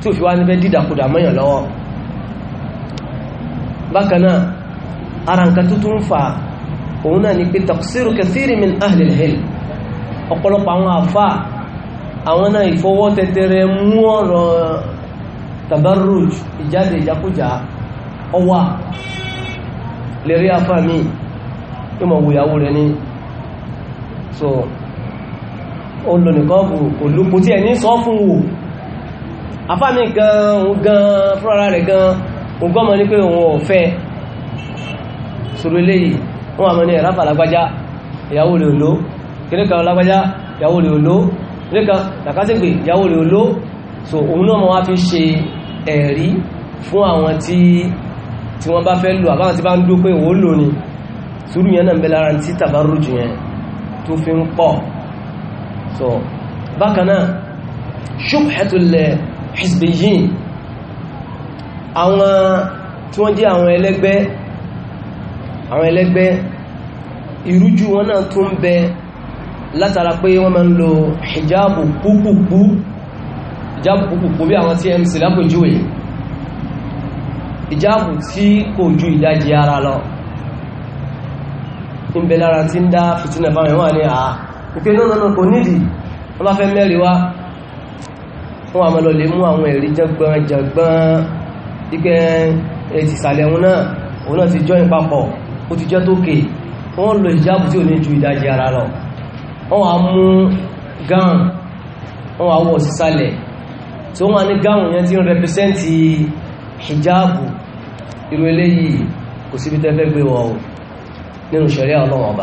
tí ò fi wá níbẹ̀ dídàkudà mọ́yàn ara nǹkan tó tún òun náà ni pé taqsiru kathiri min ahli al ọ̀pọ̀lọpọ̀ àwọn àfà àwọn náà ìfọwọ́ ijade mú ọ̀rọ̀ tabarruj ìjáde ìjákújá ọwà lè rí afá mi so olùnìkọ́bù kò lúpo tí ẹni sọ fún wò afá mi gan gan fúnra rẹ̀ gan-an ní pé òun sọ̀rọ̀ eléyìí wọ́n àmọ́ ní ẹ̀ráfà lágbájá ìyàwó rẹ̀ oló kíníkan lágbájá ìyàwó rẹ̀ oló kíníkan làkásìgbè ìyàwó rẹ̀ oló so òun náà wọ́n fi ṣe ẹ̀rí fún àwọn tí wọ́n bá fẹ́ lò àbáwọn tí bá ń dó pé òun lò ní sùúrù yẹn náà ń bẹ lára tí yẹn tó fi ń pọ̀ so bákan náà ṣùgbẹ́tulẹ̀ hizbiyin àwọn tí wọ́n jẹ́ àwọn àwọn ẹlẹ́gbẹ́ ìrújú wọn náà tún ń bẹ látara pé wọ́n máa ń lo hijabu púpùpú hijabu púpùpú bí àwọn tmc lápòjúwe hijabu tí kò ju ìdajì ara lọ ń bẹ lára tí ń dá fìtínà báwọn ẹ̀wọ̀n ní àá ìpé náà náà kò nídìí wọ́n bá fẹ́ mẹ́rin wá fún àwọn ọlọ́lẹ̀ ó ti jẹ́ tó kè wọ́n lo ìjáàbù tí ò ní ju ìdajì ara lọ wọ́n wá mú gáùn wọ́n wá wọ̀ sísàlẹ̀ tí wọ́n wá ní gáùn yẹn tí ń rẹpẹsẹ́ntì ìjáàbù irú eléyìí kò síbi tẹ́fẹ́ gbé wọ́n ṣe hijabu wọn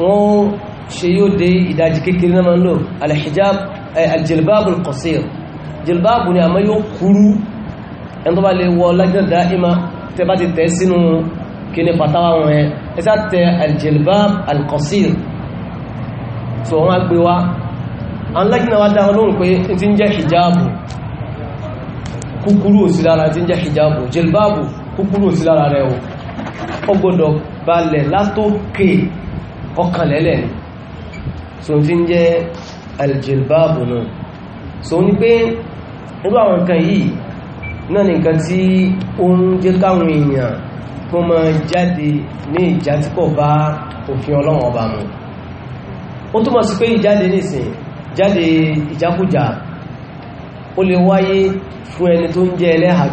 wọ́n ṣe yóò dé ìdajì kékeré náà máa ń lò alẹ́ hijabu الجلباب القصير، jilbabu ni àmọ́ yóò kúrú ẹni tó bá lè wọ lajnah da'ima tẹ bá ti tẹ̀ sínú kíní fatawa wọn ẹ ẹsà tẹ aljilbab alqasir so wọ́n á gbé wá àwọn lajnah wá dáwọn lóhùn pé ti ń jẹ́ hijabu kúkúrú òsì lára ti ń jẹ́ hijabu jilbabu kúkúrú òsì lára rẹ̀ o ó gbọ́dọ̀ balẹ̀ látókè ọkànlẹ́lẹ̀ ni so ti ń aljilbaabu náà so ní pé irú àwọn nǹkan yìí náà ní nǹkan tí ó ń jẹ́ káwọn èèyàn kó mọ jáde ní ìjà tí kò bá òfin ọlọ́run ọba mu ó túmọ̀ sí pé ìjáde nìsín jáde ìjákújà ó lè wáyé fún ẹni tó ń jẹ́ ẹlẹ́hà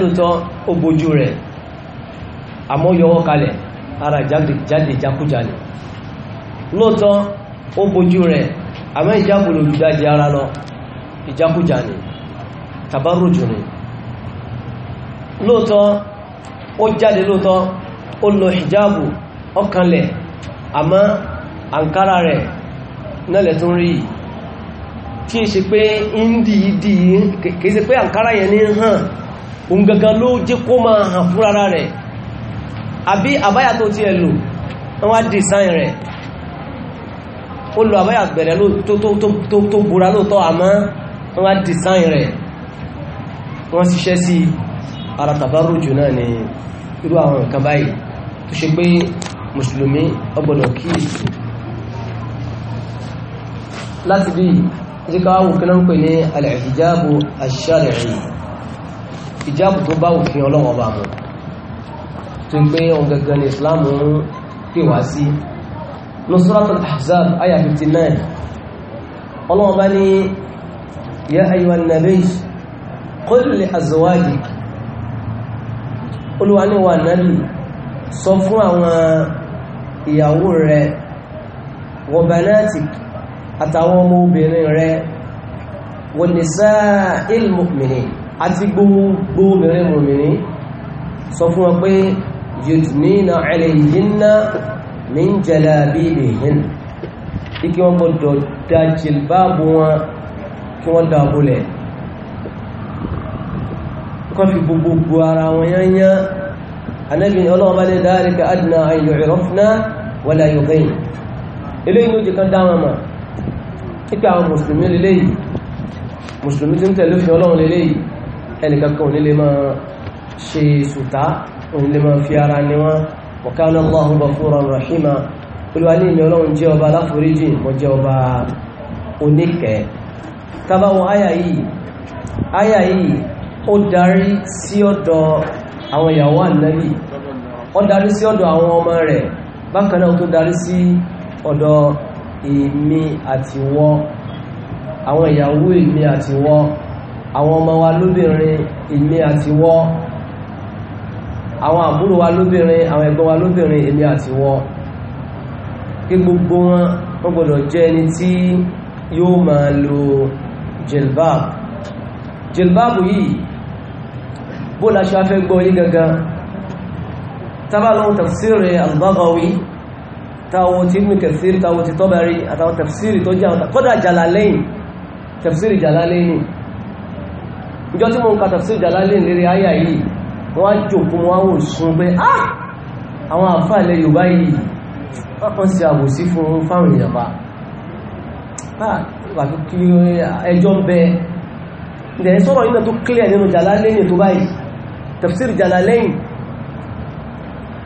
lóòótọ́ ó bójú rẹ̀ àmọ́ ara jáde ìjákújà ni lóòótọ́ ó bojú rẹ̀ àmọ́ ìjábò lòlùdájẹ́ ara lọ ìjákújà ni tàbárùjù ni lóòótọ́ ó jáde lóòótọ́ ó lọ ìjábò ọkànlẹ̀ àmá àǹkárá rẹ̀ nẹ́lẹ̀ tó ń rí kí ṣe pé kìí ṣe pé àǹkárá yẹn ní hàn ló ó lọ àbáyà gbẹ̀rẹ̀ tó búra lóòtọ́ àmọ́ wọ́n wá dìsáìn rẹ̀ wọ́n ṣiṣẹ́ sí ara tàbárùjù náà ni irú àwọn nǹkan báyìí tó ṣe pé mùsùlùmí ọgbọ̀dọ̀ kíyèsí láti bí ìjíká wùkí náà ń pè ní al-hijabu ash-shar'i ìjáàbù tó bá òfin ọlọ́wọ́ bá mú tó ń pé ọ̀gẹ̀gẹ̀ ní Islam pè wá sí نصرة الأحزاب آية 59 الله بني يا أيها النبي قل لأزواجك قلوا أني والنبي صفوا ويقول رأي وبناتك أتعوام بني رأي والنساء المؤمنين أتقوا بمرين مؤمنين صفوا بي يدنين عليهن min jalabibihin ike wọn gbọdọ̀ da jìlbáàbù wọn kí wọ́n da abúlẹ̀ kọ́ fi gbogbo ara wọn yányá anábì ọlọ́wọ́ bá lè dhalika adna an yu'rafna wala yughayn eléyìí ló jẹ́ kan dáwọn mọ̀ kíkà àwọn mùsùlùmí lélẹ́yìí mùsùlùmí tí ń tẹ̀lé fi ọlọ́run lélẹ́yìí ẹnìkankan ò nílé máa ṣe sùtá òun lè máa fi ara ní wọn wa kana Allahu ghafuran rahima olùwàlẹ́ ìmì ọlọ́run jẹ́ ọba aláforíjì mọ́ jẹ́ ọba oníkẹ́ tábàwọ àyà yìí àyà yìí ó darí sí ọ̀dọ̀ àwọn ìyàwó ànábì ó darí sí ọ̀dọ̀ àwọn ọmọ rẹ̀ bákan náà tó darí sí ọ̀dọ̀ èmi àtiwọ́ àwọn ìyàwó èmi àtiwọ́ àwọn ọmọ wa lóbìnrin èmi àtiwọ́ àwọn àbúrò wa lóbìnrin àwọn ẹ̀gbọ́n wa lóbìnrin èmi àti wọn kí gbogbo wọn wọ́n gbọ́dọ̀ jẹ́ ẹni tí yóò máa lo jilbab jilbab yìí bó la ṣe afẹ́ gbọ́ yí gangan tábàlọ́wọ́ tafsiri al-Baghawi táwọn tí Ibn Kathir táwọn ti Tabari àtàwọn tafsiri tó jẹ́ àwọn kọ́dà Jalalayn tafsiri Jalalayn ìjọ tí mo ń ka tafsiri Jalalayn lérí ayà yìí wọ́n jòkó wọ́n wò sún pé ah! àwọn àfààlẹ̀ Yorùbá yìí wọ́n sì àwòsí fún fáwọn ìjọba ah, ẹjọ́ bẹ ǹdẹ̀ sọ́rọ̀ iná tó clear nínú Jalalayn tó báyìí tafsir Jalalayn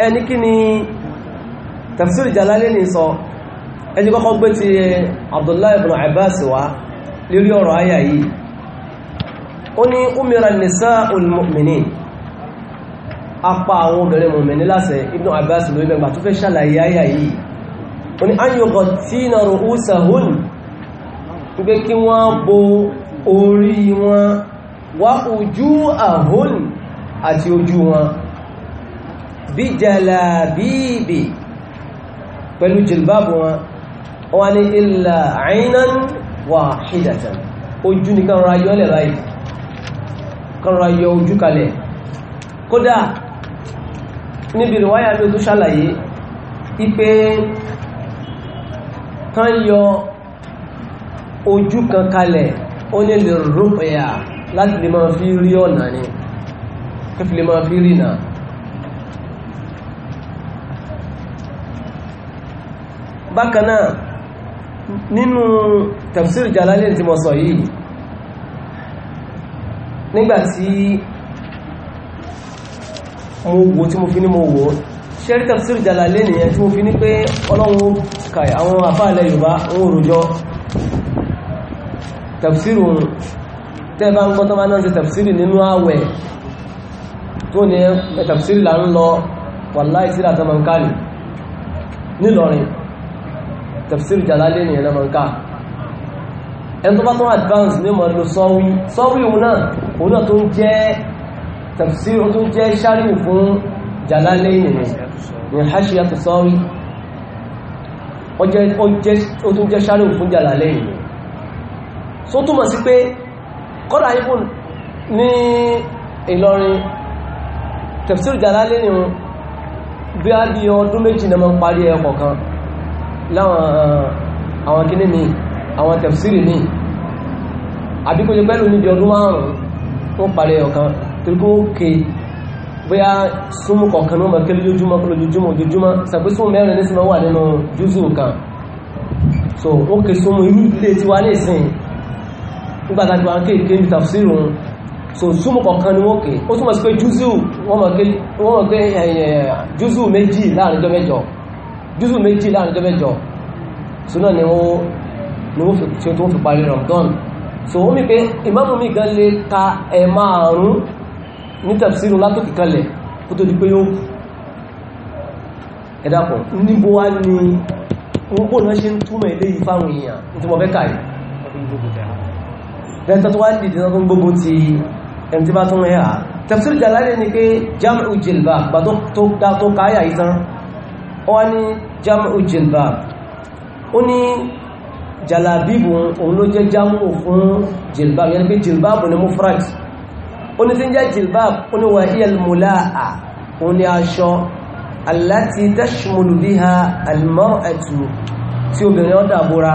ẹni kí ni tafsir Jalalayn sọ ẹni kọ́kọ́ gbé ti Abdullahi ibn Abbas wá lórí ọ̀rọ̀ ayà ó ní umira nisa'ul mu'minin apá àwọn obìnrin mọ̀mí níláṣẹ Ibn Abbas ló ibẹ̀gbà tó fẹ́ ṣàlàyé ayà yìí ó ní ayọ̀gọ̀ tí na rò ó sàhún pé kí wọ́n bo orí wọn wá ojú àhún àti ojú wọn bí jalabibi pẹ̀lú jìlbábù wọn wọ́n ní illa aynan wahidatan ojú ní kan rayọ́ lẹ̀ báyìí kan rayọ́ ojú kalẹ̀ kódà níbi ìrìwáyà ní ojú ṣàlàyé ipé kan yọ ojú kan kalẹ̀ ó ní lè rúpẹ̀yà láti lè máa fi rí ọ̀nà ni kí lè máa fi rí náà bákanáà nínú tafsir Jalalayn tí mo sọ yìí nígbàtí mo wo tí mo fi ní mo wò ṣẹ́rí tafsir Jalalayn nìyẹn tí mo fi ní pé ọlọ́run kàì àwọn àfáàlẹ̀ yorùbá ń rojọ́ tafsir òun tẹ́ bá ń gbọ́ bá náà ṣe tafsir nínú ààwẹ̀ tó ní tafsir là ń lọ wàláì sí tafsir Jalalayn nìyẹn náà ń kà ẹni tó bá tó advance ní mọ̀ lọ sọ́wí sọ́wí tafsir tó jẹ́ ṣáríwù fún Jalalayn ní Hashiyat Sawi ó tún jẹ́ ṣáríwù fún Jalalayn so túnmọ̀ sí pé kọ́dà ibùn ní Ìlọrin tafsir Jalalayn bí a bí ọdún méjì na máa ń parí ẹ̀kọ̀ kan láwọn àwọn kíní ni àwọn tafsiri ni àbíkò jẹ́ pẹ́lú níbi ọdún márùn-ún ó parí ẹ̀kọ̀ kan torípó òkè bóyá súnmù kọ̀ọ̀kan náà kí lójúmọ́ kí lójúmọ́ ojoojúmọ́ sàpé súnmù mẹ́rin ní sinmi wà nínú júzù kan so òkè súnmù irú ilé tí wà ní ìsìn nígbàtà tí wọ́n kéèké ní tafsiru so súnmù kọ̀ọ̀kan ni wọ́n kè ó túnmọ̀ sí pé júzù wọ́n mọ̀ pé júzù méjì láàrin ọjọ́ mẹ́jọ júzù méjì láàrin ọjọ́ mẹ́jọ so náà ni wọ́n fi parí Ramadan so ó mi pé ìmáàmù mi gan lè ka ẹ̀ márùn-ún ní tafsiru látòkì kalẹ̀ kó tó di pé yóò ẹ̀dàpọ̀ níbo wá ní gbogbo náà ṣe ń túmọ̀ ilé yìí fáwọn èèyàn ní tí wọ́n fẹ́ kàí bẹ́ntọ́ tó wá dìde tó gbogbo ti ẹni tí bá tún rẹ̀ à tafsiru Jalalayn ni pé jam'u jilbab bá tó dá tó káyà yìí tán ó wá ní òun ló jẹ́ jam'u fún jilbab yẹn pé jilbab ni mufrad oní tí ń jẹ́ jilbab oní wà hiyal mula'a oní aṣọ allati tashmulu biha almar'atu tí obìnrin ọ́ dàbúra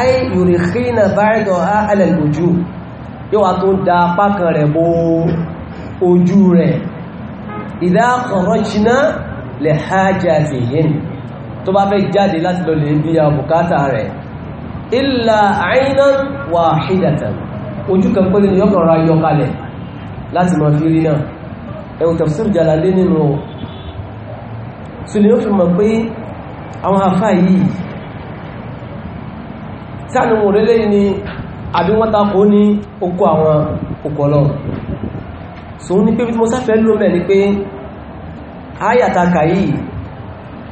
ay yurikhina ba'daha ala al-wujuh yóò wá tó da apá kan rẹ̀ bó ojú rẹ̀ idha kharajna li hajatihin ojú kan pẹ́lú yọkànra yọkalẹ̀ láti mọ̀ fi rí náà ẹ̀wù tafsir Jalalé nínú ọ̀ so ni ó fi mọ̀ pé àwọn afá yìí tí àni wọn orílẹ̀ yìí ni àbí wọ́n takò ní okó àwọn òkọ̀lọ̀ so ní pé mo sáfẹ́ ló mẹ́ ni pé ayàtaka yìí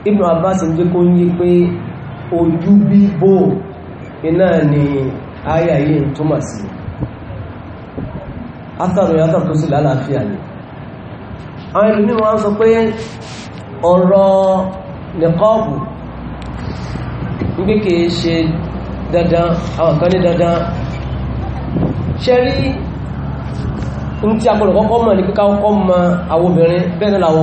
Ibn Abbas ń jẹ́ kó ń yí pé ojú bíbò iná ni ayà yìí túmọ̀ sí i átàrò yàtàrò tó sì lálàáfíà ni àwọn ìlúmí wọ́n sọ pé ọ̀rọ̀ nìkọ́ọ̀bù wípé kìí ṣe dandan àwọn kan ní dandan ṣe rí ní tí akọ̀lọ̀ kọ́kọ́ mọ̀ ní kíká kọ́ mọ àwọn bẹ́ẹ̀ náà àwọn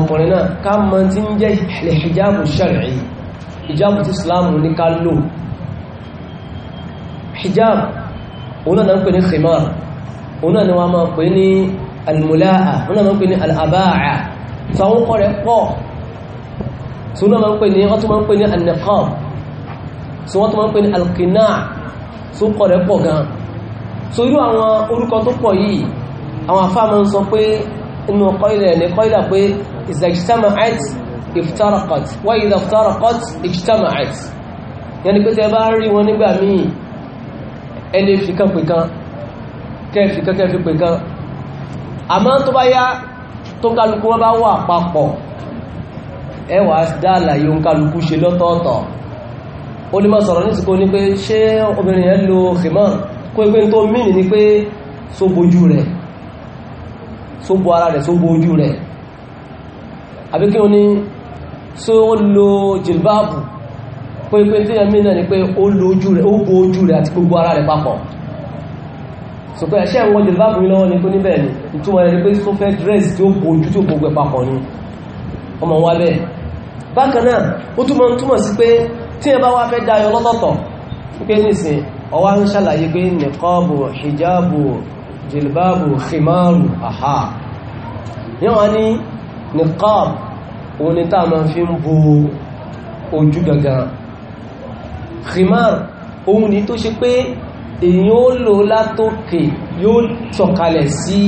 ọkùnrin náà òun náà ni wọ́n máa pè ní almula'a òun náà máa pè ní al'aba'a tó àwọn kọ́ rẹ̀ pọ̀ tó náà máa pè ní wọ́n tó máa pè ní an-niqab tó wọ́n tó máa pè ní al-qina' tó kọ́ rẹ̀ pọ̀ gan so irú àwọn orúkọ tó pọ̀ yìí àwọn afá máa ń sọ pé inú kọ́ìlẹ̀ ní ẹni fi kẹfì kẹ́kẹ́ fi pè kan àmọ́ tó bá yá tó ń kálukú wọ́n bá wà papọ̀ ẹwà dáàlà yóò ń kálukú ṣe lọ́tọ̀ọ̀tọ̀ ó ní máa sọ̀rọ̀ ní ìsìnkú ní pé ṣé obìnrin yẹn lo kìmọ́ kó ipé tó mìnì ni pé so bojú rẹ̀ so bo ara rẹ̀ so bo ojú rẹ̀ àbí kí wọ́n ní so ó lo jìlbáàbù kó ipé tí yẹn mìnà ni pé ó lo ojú rẹ̀ ó bo ojú rẹ̀ àti gbogbo ara rẹ̀ papọ̀ so pé ẹ̀ṣẹ́ ìwọ̀n jùlọ báàbù lọ́wọ́ ni kó níbẹ̀ ni ìtumọ̀ ẹni pé tó fẹ́ dress tí ó bojú tó gbogbo ẹ̀ papọ̀ ni ọmọ wa bẹ́ẹ̀ bákan náà ó túmọ̀ túmọ̀ sí pé tí ẹ bá wá fẹ́ dayọ lọ́tọ̀ọ̀tọ̀ pé nìsín ọwá ń ṣàlàyé pé nìkọ́ọ̀bù hijabu jìlbáàbù khimaru aha yẹn wá ní nìkọ́ọ̀bù òun ni táà máa fi ń bo ojú gangan khimar òun ni tó ṣe pé èyí ó lò látòkè yóò sọ̀kalẹ̀ sí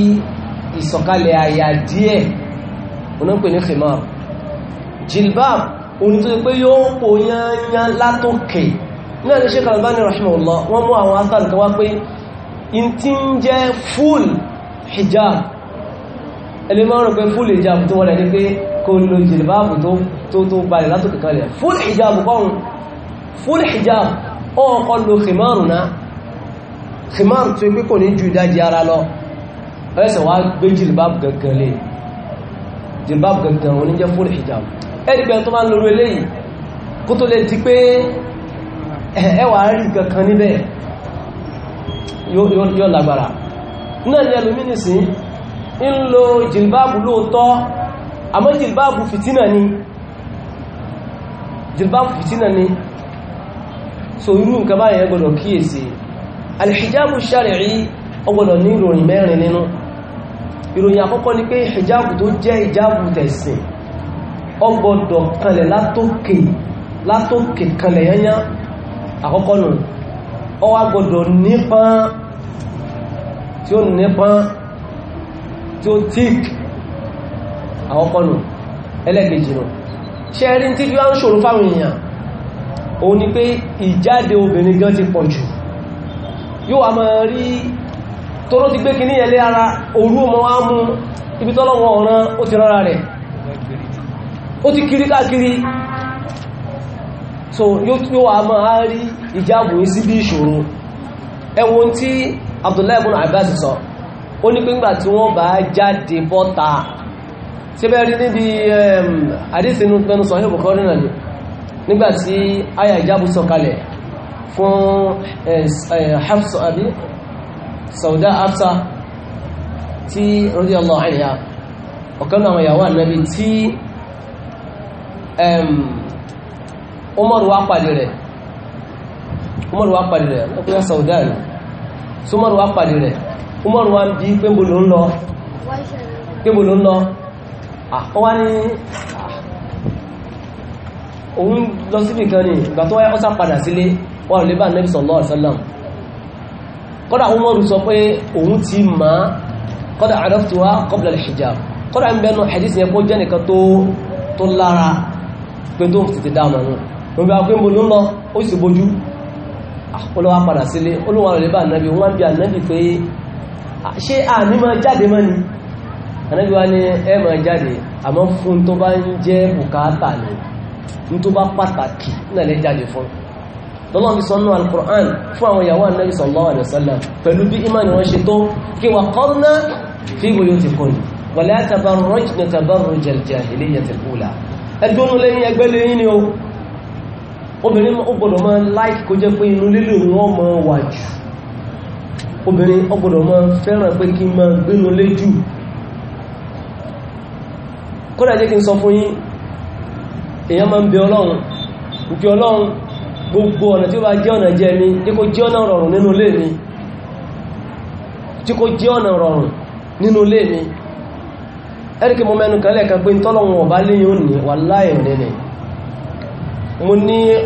ìsọ̀kalẹ̀ àyà díẹ̀ onípe ní khimar jilbab oní tó pé yóò pò yányán látòkè náà ní Sheikh Albani rahimahullah wọ́n mú àwọn asar kan wá pé in ti ń jẹ́ full hijab ẹlẹ́ máa rọ̀ pé full hijab tó wọ́n rẹ̀ ní pé kò lo khimar tó pé kò ní ju ìdájí ara lọ ẹsẹ̀ wá gbé jìlbáb gangan lè jìlbáb gangan wọn ní jẹ́ fún hijab ẹ̀dìgbẹ́ tó máa ń lórí eléyìí kó tó lè ti pé ẹwà rí gangan níbẹ̀ yóò lágbára náà ni ẹlòmínísì ń lo jìlbáb lóòtọ́ àmọ́ jìlbáb fìtínà alhijabu shari'i ọgbọ̀dọ̀ ní ìròyìn mẹ́rin nínú ìròyìn àkọ́kọ́ ni pé hijabu tó jẹ́ hijabu tẹ̀sìn ọgbọ̀dọ̀ kanlẹ̀ látòkè látòkè kanlẹ̀ yányá àkọ́kọ́ nù ọwá gbọdọ̀ nípán tí ó nípán tí ó tíkì àkọ́kọ́ nù ẹlẹ́gbẹ̀jì nù yóò wà máa rí tóró ti gbé kìíní ẹlẹ́ ara orú ọmọ wá mú ibi tọ́lọ́wọ́ ọ̀ràn ó ti rọ́ra rẹ̀ ó ti kiri káàkiri so yóò wà máa rí ìjáàbù sí bí ìṣòro ẹwọ́n tí Abdullahi ibn Abbas sọ ó ní pé ńgbà tí wọ́n bá jáde bọ́ta síbẹ̀ rí níbi àdísínú ehm, nígbàtí àyà ìjáàbù kalẹ̀ fún eh, eh, Hafsa àbí Sauda Hafsa tí radiyallahu anha ọ̀kan àwọn ìyàwó Ànábì tí Umar wá pàdé rẹ̀ Umar wá pàdé rẹ̀ ọkùnrin Sauda ni so Umar wá pàdé rẹ̀ Umar wá bí pẹ́mbò ló ń lọ pẹ́mbò ló ń lọ òun lọ síbì kan ní ìgbà tó wáyé ọ́sá padà sílé wọ́n lè bá nẹ́bí sallallahu alaihi wasallam kọ́dà umaru sọ pé òun ti ma kọ́dà araftuha qabla al-hijab kọ́dà ń bẹnu hadith yẹn kó jẹ́ nìkan tó tó lára pé tó tètè dáàmà nù wọ́n bí wọ́n ló ń lọ ó sì bójú olówó ah, padà sílé olówó lè bá nẹ́bí wọ́n bí anẹ́bí pé ṣé àní máa jáde mọ́ ni anẹ́bí ní tó bá pàtàkì náà lè jáde fún lọ́lọ́run fi sọ́nà al-Qur'an fún àwọn ìyàwó Ànábì sallallahu alaihi wasallam pẹ̀lú bí ìmánì wọn ṣe tó kí wa qarna fi buyutikunna wa la tabarrajna tabarruj al-jahiliyyati al-ula ẹdúnú lẹ́yìn ẹgbẹ́ lẹ́yìn ni o obìnrin ó gbọ́dọ̀ máa láìkì kó jẹ́ pé wà jù obìnrin ó gbogbo ọ̀nà tí ó bá jẹ́ ọ̀nà jẹ́ mi tí kò jẹ́ ọ̀nà rọrùn nínú ilé mi tí kò jẹ́ ọ̀nà rọrùn nínú mi ẹ́rìkì mẹ́nu kan e, gbé pé tọ́lọ́wọ̀n ọ̀bá wà kan rẹ̀ ní NCE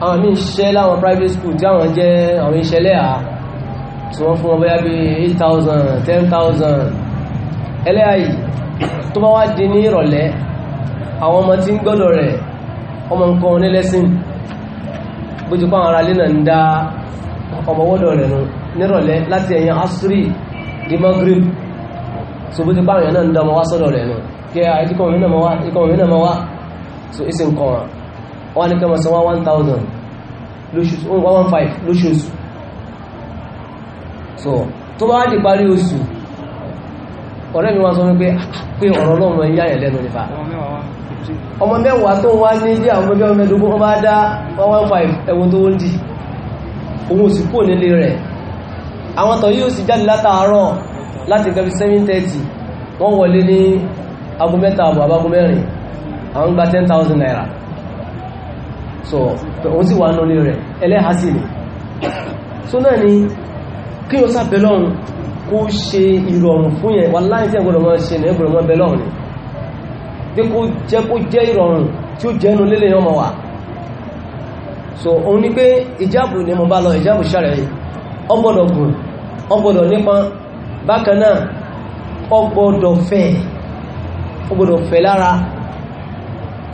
àwọn àwọn private school tí àwọn jẹ́ tí wọ́n fún wọn bóyá bí 8,000 10,000 ẹlẹ́yàí tó bá wá di ní ìrọ̀lẹ́ àwọn ọmọ tí ń gbọ́dọ̀ rẹ̀ ọmọ nǹkan onílẹ́sìn bó ti pàwọn ará lé náà ń dá ọmọwọ́dọ̀ rẹ̀ nù nírọ̀lẹ́ láti ẹ̀yìn asúrì di so bó ti pàwọn èèyàn náà ń dá ọmọ wá sọ́dọ̀ rẹ̀ nù kí a ikọ̀ mi náà ma wá so ìsìn kan wọn ni kí wọ́n san so tó bá di parí oṣù ọ̀rẹ́ mi wá sọ wípé ah, ah, pé ọ̀rọ̀ ọlọ́run ẹ̀yà ẹ̀ lẹ́nu nípa ọmọ mẹ́wàá tó wá ní ilé àwọn ọmọdé ọmọdógún ọmọ dá 115 ẹwọ tó ń di ohun sì kò nílé rẹ̀ àwọn tọ̀ yíò sì jáde látàárọ̀ láti gẹ́bí 730 wọ́n wọlé ní agun mẹ́ta àbọ̀ abagun mẹ́rin àwọn gba 10,000 naira so òun sì wà nílé rẹ̀ ẹlẹ́hàsì ni so náà ni kí o sáà bẹ̀lọ́run kó ṣe ìrọ̀rùn fún yẹn wà láìsí ẹgbọ̀rọ̀ mọ́ ṣe ní ẹgbọ̀rọ̀ mọ́ tí kó jẹ́ kó jẹ́ ìrọ̀rùn tí ó lélẹ̀ wà so òun ni pé ìjáàbù ni mo bá lọ ìjáàbù ṣàrẹ̀ nípa bákan náà lára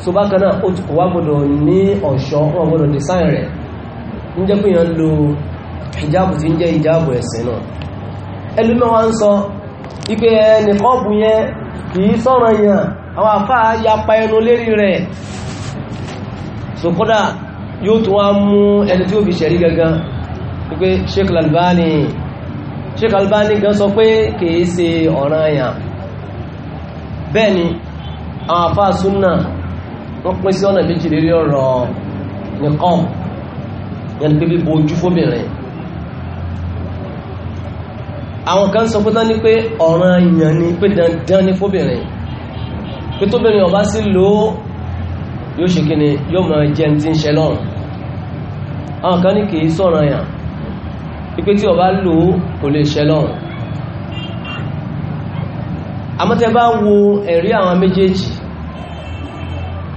so bákan náà ó ti kò wá ní ọ̀ṣọ́ wọn rẹ̀ hijabu ti ń jẹ́ hijabu ẹ̀sìn náà ẹlùmí wa ń sọ ipé ẹni kọ́ọ̀bù yẹn kìí sọ̀rọ̀ yàn àwọn afá yapa ẹnu lérí rẹ̀ sòkódà yóò tún wá mú ẹni tí ó fi ṣẹ̀rí gangan wípé Sheikh Albani Sheikh Albani gan sọ pé kìí ṣe ọ̀ràn yàn bẹ́ẹ̀ ni àwọn afá súnà wọ́n pín sí ọ̀nà méjì lérí ọ̀rọ̀ nìkan yẹn pé bíbo ojú fóbìnrin àwọn kan sọ pé tán ní pé ọ̀ràn èèyàn ni pé dandan ní fóbìnrin pé tóbìnrin ọba sí lò ó yóò ṣe kí ni yóò máa jẹ ti ń ṣe lọ́rùn àwọn kan ní kìí sọ̀ràn yàn pípé tí ọba lò kò lè ṣe lọ́rùn àmọ́ bá wo ẹ̀rí àwọn méjèèjì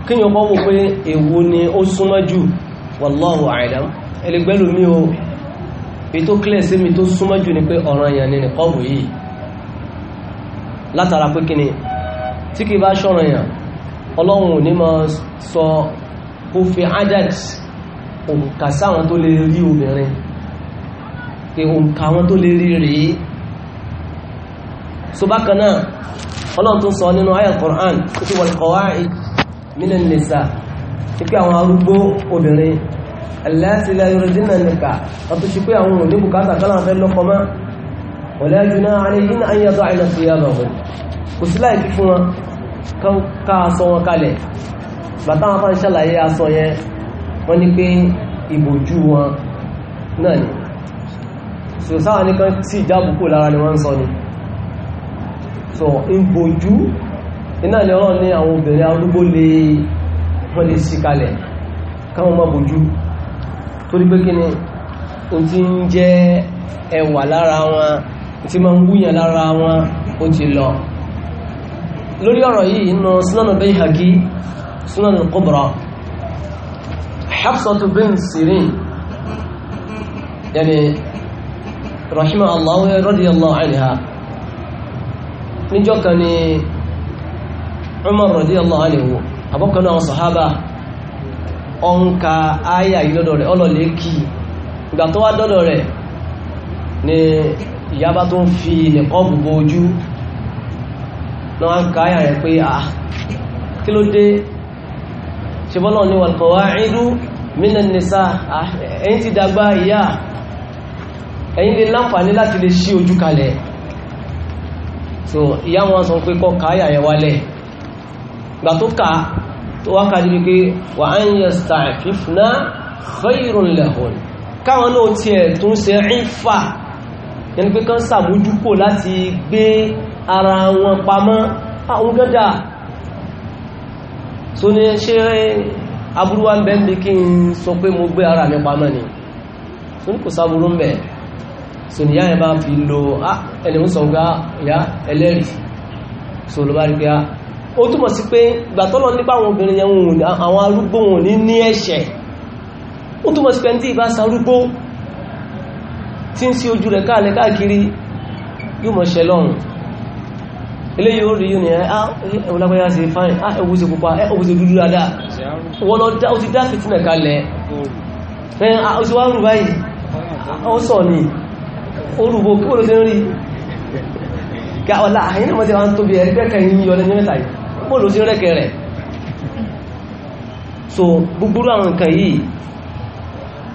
kíyàn kọ́ wò pé èwo ni ó súnmọ́ jù wallahu a'lam ẹlẹgbẹ́lómi o èyí tó kílẹ̀ sí mi tó súnmọ́ jù ni pé ọ̀ranyàn ni nìkọ́bù yìí látara pé kíni tí kì bá ṣọ̀ranyàn ọlọ́run ò ní máa sọ kó fi adad òǹkà sáwọn tó lè rí obìnrin pé òǹkà wọn tó lè rí rèé so bákan náà ọlọ́run tó sọ nínú ayat Qur'an tó ti wal qawa'id minan nisa pé àwọn arúgbó obìnrin aláàtìlá yorùdínà nìkà ọ̀tọ̀ ṣe pé àwọn òní bùkátà kọ́lá fẹ́ lọ́kọ́ mọ́ wọ̀lá jùlọ àrẹ yìí náà yẹ́ dọ́ àìlọ́ sí yàmà wọn kò sí láì fífún wọn ká aṣọ wọn kalẹ̀ bàtà wọ́n lè wọ́n káwọn má bòjú torí pé kíni o ti ń jẹ́ ẹwà lára wọn tí ma ń wúyàn lára wọn ó ti lọ lórí ọ̀rọ̀ yìí inú Sunan Bayhaqi Sunan Kubra Hafsatu bin Sirin yani rahima Allah radiyallahu anha níjọ́ kan ni Umar radiyallahu anhu abọ́kanáà sahaba ọǹkà ayà yìí lọ́dọ̀ rẹ̀ ọlọ́lẹ̀ kí ìgbà tó wá dọ́dọ̀ rẹ̀ ni ìyábá tó ń fi nìkọ́ gbogbo ojú náà ń ka ayà rẹ̀ pé à ah, kí ló dé ṣe bọ́lọ̀ ní wàlùkọ̀wá ìlú minan nisa ah, so ìyá wọn sọ pé kọ́ tó ka tó wá kàdí wípé wà á ń yẹ stàfífúnà khairun lahun káwọn náà ti ẹ̀ tó ń ṣe ìfà yẹn pé kán sàmójúkò láti gbé ara wọn pamọ́ àwọn gẹ́dà tó ní ṣe aburú wa ń bẹ́ ní kí n sọ pé mo gbé ara mi pamọ́ ni tó ní kò sáburú ń bẹ̀ so ni yá bá fi lo ah, ẹni ó túmọ̀ sí pé gbàtọ́lọ̀ nípa àwọn obìnrin yẹn wọn àwọn arúgbó wọn ní ní ẹ̀ṣẹ̀ ó túmọ̀ sí pé ní ìbá sarúgbó tí ń sí ojú rẹ̀ káàlẹ̀ káàkiri yóò mọ̀ ṣẹ lọ́run ilé yóò rí yóò ní ẹ̀wọ̀lágbáyá ah, sí fáìn ẹ̀wọ̀ ah, sí pupa ẹ̀wọ̀ eh, sí dúdú dáadáa wọ́n lọ ó ti dá fìtínà kalẹ̀ ẹ̀yìn ó ti wá rù báyìí ah, ó sọ ní orúgbó kí wọ́n lọ sí ń rí bó ló sí rẹ́kẹ̀ rẹ̀ so búburú àwọn nǹkan yìí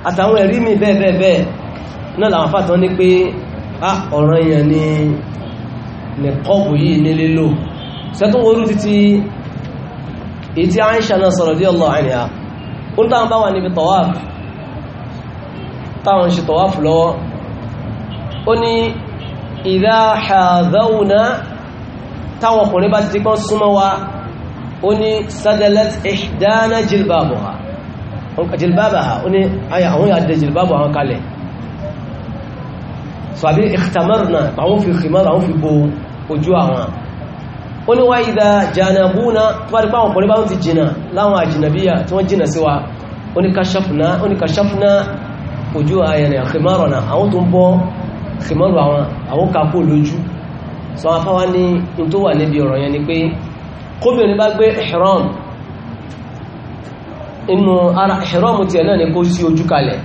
àtàwọn ẹ̀rí mi bẹ́ẹ̀ bẹ́ẹ̀ bẹ́ẹ̀ náà làwọn fàtán ní pé a ah, ọ̀ràn èèyàn ni ní kọ́ọ̀bù yìí nílé lò sẹ́tún orú títí ìtí Aisha náà sọ̀rọ̀ dí ọlọ́ àìníyà táwọn ọkùnrin bá ti kán súnmọ́ wa ó ní sadalat ihdana jilbabaha jilbabaha ó ní àwọn yàdẹ jilbabu àwọn kalẹ̀ sàbí ikhtamarna àwọn fi khimar àwọn fi bo ojú àwọn ó ní wá ìdá jànàbúna tó bá rí pàwọn ọkùnrin bá ti jìnà láwọn àjìnàbíyà tí wọ́n jìnà sí wa ó ní kashafna sọ afáwá ní in tó wà níbi ọ̀rọ̀ yẹn ni pé kóbìnrin bá gbé ihram inú ara ihram tiẹ̀ náà ni kó sí ojú kalẹ̀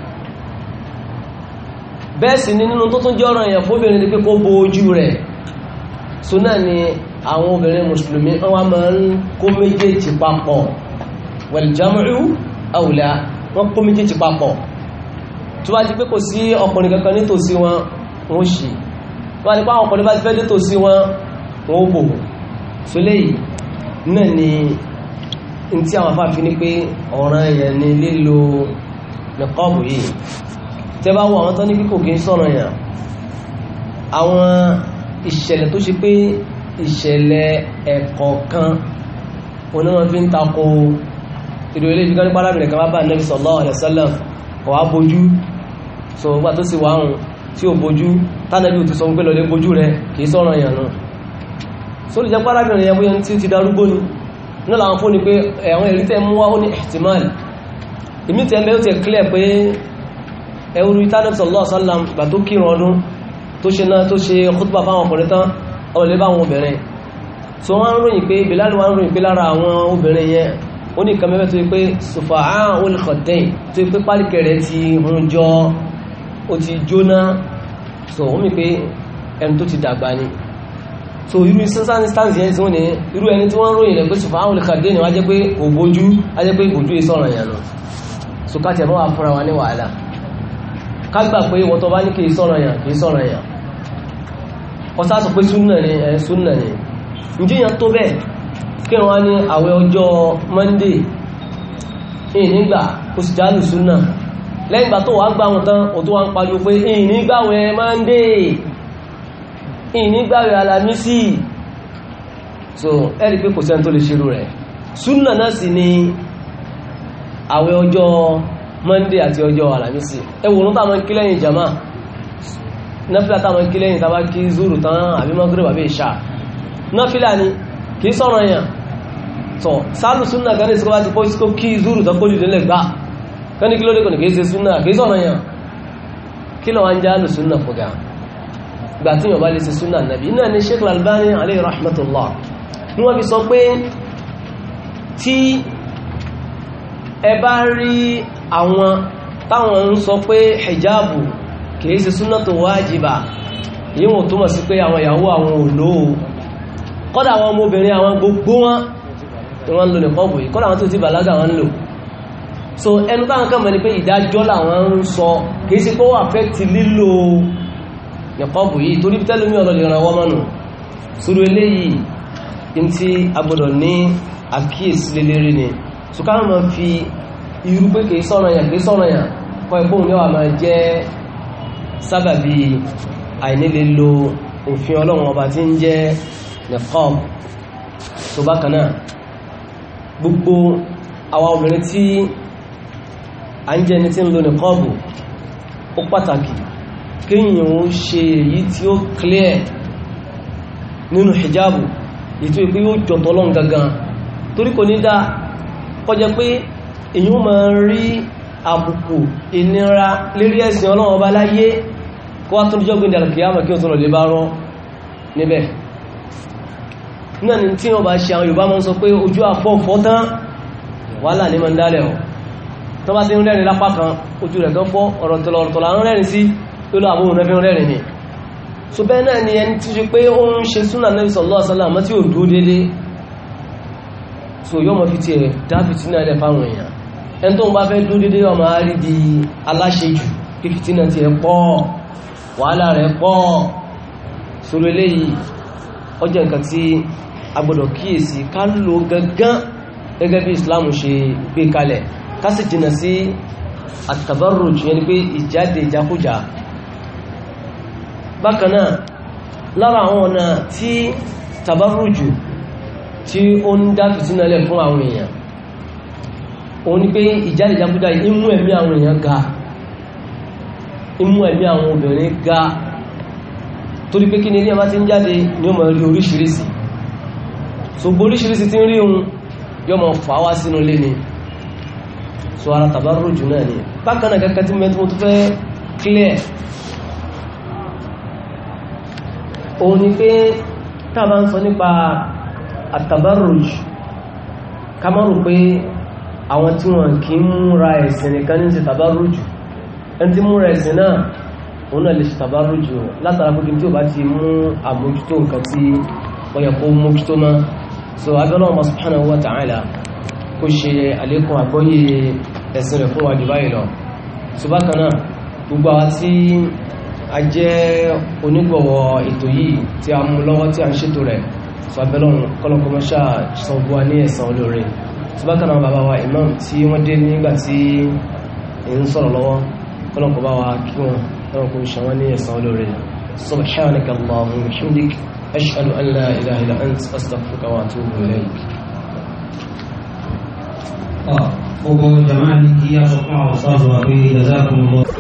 bẹ́ẹ̀ sì ni nínú tó tún jẹ́ ọ̀rọ̀ yẹn fóbìnrin ni pé kó bo ojú rẹ̀ so náà ni àwọn obìnrin mùsùlùmí wọ́n máa ń kó méjèèjì papọ̀ wal jam'u wọ́n kó méjèèjì papọ̀ tó bá ti pé kò sí ọkùnrin kankan nítòsí wọn wọ́n ṣe wọ́n ni pàwọn ọkùnrin bá ti fẹ́ dé tòsí wọn wọ́n ó bò so léyìí náà ni n tí àwọn afáfi ní pé ọ̀ràn yẹn ni lílo nìkọ́ọ̀bù yìí tẹ́ bá wọ àwọn tó ní kíkò kí ń sọ̀rọ̀ yẹn àwọn ìṣẹ̀lẹ̀ tó ṣe pé ìṣẹ̀lẹ̀ ẹ̀kọ́ kan onímọ̀ fi ń tako ìlú ilé ìfikọ́ nípa arábìnrin kan bá bá nẹ́bí sallallahu alaihi kọ̀ wá bójú so gbà tó sì wá hùn tí ó bojú tánàbí ò ti sọ wípé lọlé bojú rẹ kìí sọ́rọ̀ èèyàn náà so lè jẹ́ párábìnrin ẹwọ́ yẹn tí ó ti darúgbó ni náà làwọn fóní pé ẹ̀wọ̀n èrí mú wá ó ní ihtimal èmi tẹ́ mẹ́ ó ti clear pé ẹwùrú tánàbí sallallahu alaihi wasallam gbà tó kírun ọdún tó ṣe náà tó ṣe khutba fáwọn ọkùnrin so wọ́n ń Bilal wọ́n ń ròyìn pé lára àwọn obìnrin yẹn ó ní nǹkan mẹ́fẹ́ tó yẹ pé sùfàá olùkọ̀tẹ́yìn tó yẹ pé ó ti jóná so wọ́n mi pé ẹni tó ti dàgbà ni so irú instance yẹn tí wọ́n ní irú ẹni tí wọ́n ròyìn rẹ̀ pé ṣùfà àwọn olùkàdé ni wọ́n jẹ́ pé kò bójú ajẹ́ pé bójú ìsọ̀rọ̀ yẹn lọ so ká tẹ̀ mọ́ wa fúnra wa ní wàhálà ká gbà pé wọ́n tó bá ní kí ìsọ̀rọ̀ yẹn kì í sọ̀rọ̀ yẹn wọ́n sá sọ pé súnà ni ẹ̀ súnà ni ǹjẹ́ yẹn kí wọ́n á lẹ́yìn ìgbà tó wà gbáhùn tán ò tó wà ń pariwo pé ìnígbàwẹ̀ Monday ìnígbàwẹ̀ Alámísì so ẹ̀rí pé kò sẹ́ni tó lè ṣerú rẹ̀ súnà náà sì ni àwẹ̀ ọjọ́ Monday àti ọjọ́ Alámísì ẹwùrún táwọn kí lẹ́yìn jama náfílà táwọn kí lẹ́yìn tàbá kí zúrù tán àbí mọ́gírẹ̀ àbí ìṣà náfílà ni kì í sọ̀rọ̀ yàn tọ̀ sálù súnà tẹ́ni kí ló dékùn kìí ṣe súnà kìí sọ̀rọ̀ yàn kí lọ wọ́n já lù súnà fúgá gbà tí yọ̀bá lè ṣe súnà nàbí iná ni Sheikh al alayhi rahmatullah ní wọ́n fi sọ pé tí ẹ bá rí àwọn táwọn ń sọ pé hijabu kìí ṣe súnà tó wájibà yíwọ̀n túmọ̀ sí pé àwọn ìyàwó àwọn òlò kọ́dà àwọn ọmọbìnrin àwọn gbogbo wọn ni wọ́n ń lò nìkan bòyí kọ́dà àwọn tó ti bàlágà wọn ń lò so ẹnu táwọn kan mọ̀ ní pé ìdájọ́ làwọn ń sọ kìí sí pé ó àfẹ́tì lílo nìkọ́bù yìí torí tẹ́lùmí ọ̀lọ́ lè ràn mọ́nù sórí eléyìí in a gbọ́dọ̀ ní àkíyèsí lélẹ́rí ni so káwọn gbogbo àwọn obìnrin à ń jẹ́ ẹni tí ń lo nìkọ́ọ̀bù ó pàtàkì kéèyàn ó ṣe èyí tí ó clear nínú hijabu ètò ìpé yóò jọtọ̀ lọ́n gangan torí kò ní dáa kọjá pé èyàn ma rí àbùkù ìnira lérí ẹ̀sìn ọlọ́wọ́ bá láyé kó wá tó jọ́ gbé dàlùkìyàmà ni tí wọ́n tó bá ti ń rẹ́rìn lápá kan ojú rẹ̀ dọ́pọ́ ọ̀rọ̀ tọ̀lọ̀ ọ̀rọ̀ tọ̀lọ̀ àwọn rẹ́rìn sí tó lọ àbúrò rẹ̀ fi rẹ́rìn ni so bẹ́ẹ̀ náà ni ẹni tí ṣe pé ó ń ṣe súnà Nábì sallallahu alaihi wasallam tí ò dúró dédé so yóò mọ fi tiẹ̀ dá fìtínà rẹ̀ fáwọn èèyàn ẹni tó ń gẹ́gẹ́ bí Islam ṣe gbé kalẹ̀ kásì jìnà sí àtàbárùj yẹn ni pé ìjáde ìjákújá bákanáà lára àwọn ọ̀nà tí tàbárùjù tí ó ń dá fìtínalẹ̀ fún àwọn èèyàn òun ni pé ìjáde ìjákújá imú ẹ̀mí àwọn èèyàn ga imú ẹ̀mí àwọn obìnrin ga torí pé kí ni ilé ọmọ ti ń jáde ni ó mọ̀ rí oríṣiríṣi ṣùgbọ́n oríṣiríṣi ti ń rí ohun yóò mọ̀ sínú lé ni so ara tàbárò jù náà ni bákanáà kankan tí mẹ́tí mo tó clear oni ni pé tàbá ń sọ nípa àtàbárò jù ká má rò pé àwọn tí wọ́n kì í múra ẹ̀sìn nìkan ní ṣe tàbárò jù ẹni tí múra ẹ̀sìn náà òun náà lè ṣe tàbárò jù látara pé kí ti mú àmójútó nǹkan tí wọ́n yẹ kó mójútó so abẹ́lọ́wọ́n subhanahu wa ta'ala kó ṣe àlékún àgbọ́yé ẹ̀sìn rẹ̀ fún wa jù báyìí lọ ṣùgbọ́n kan náà gbogbo àwọn tí a jẹ́ onígbọ̀wọ́ ètò yìí tí a mú lọ́wọ́ tí a ń ṣètò rẹ̀ fàbẹ́lọ́n kọ́lọ́kọ́mọ́ṣà sọ̀bùwa ní ẹ̀sàn olóore ṣùgbọ́n kan náà bàbá wa imam gbogbo jama'a ní kí a sọ fún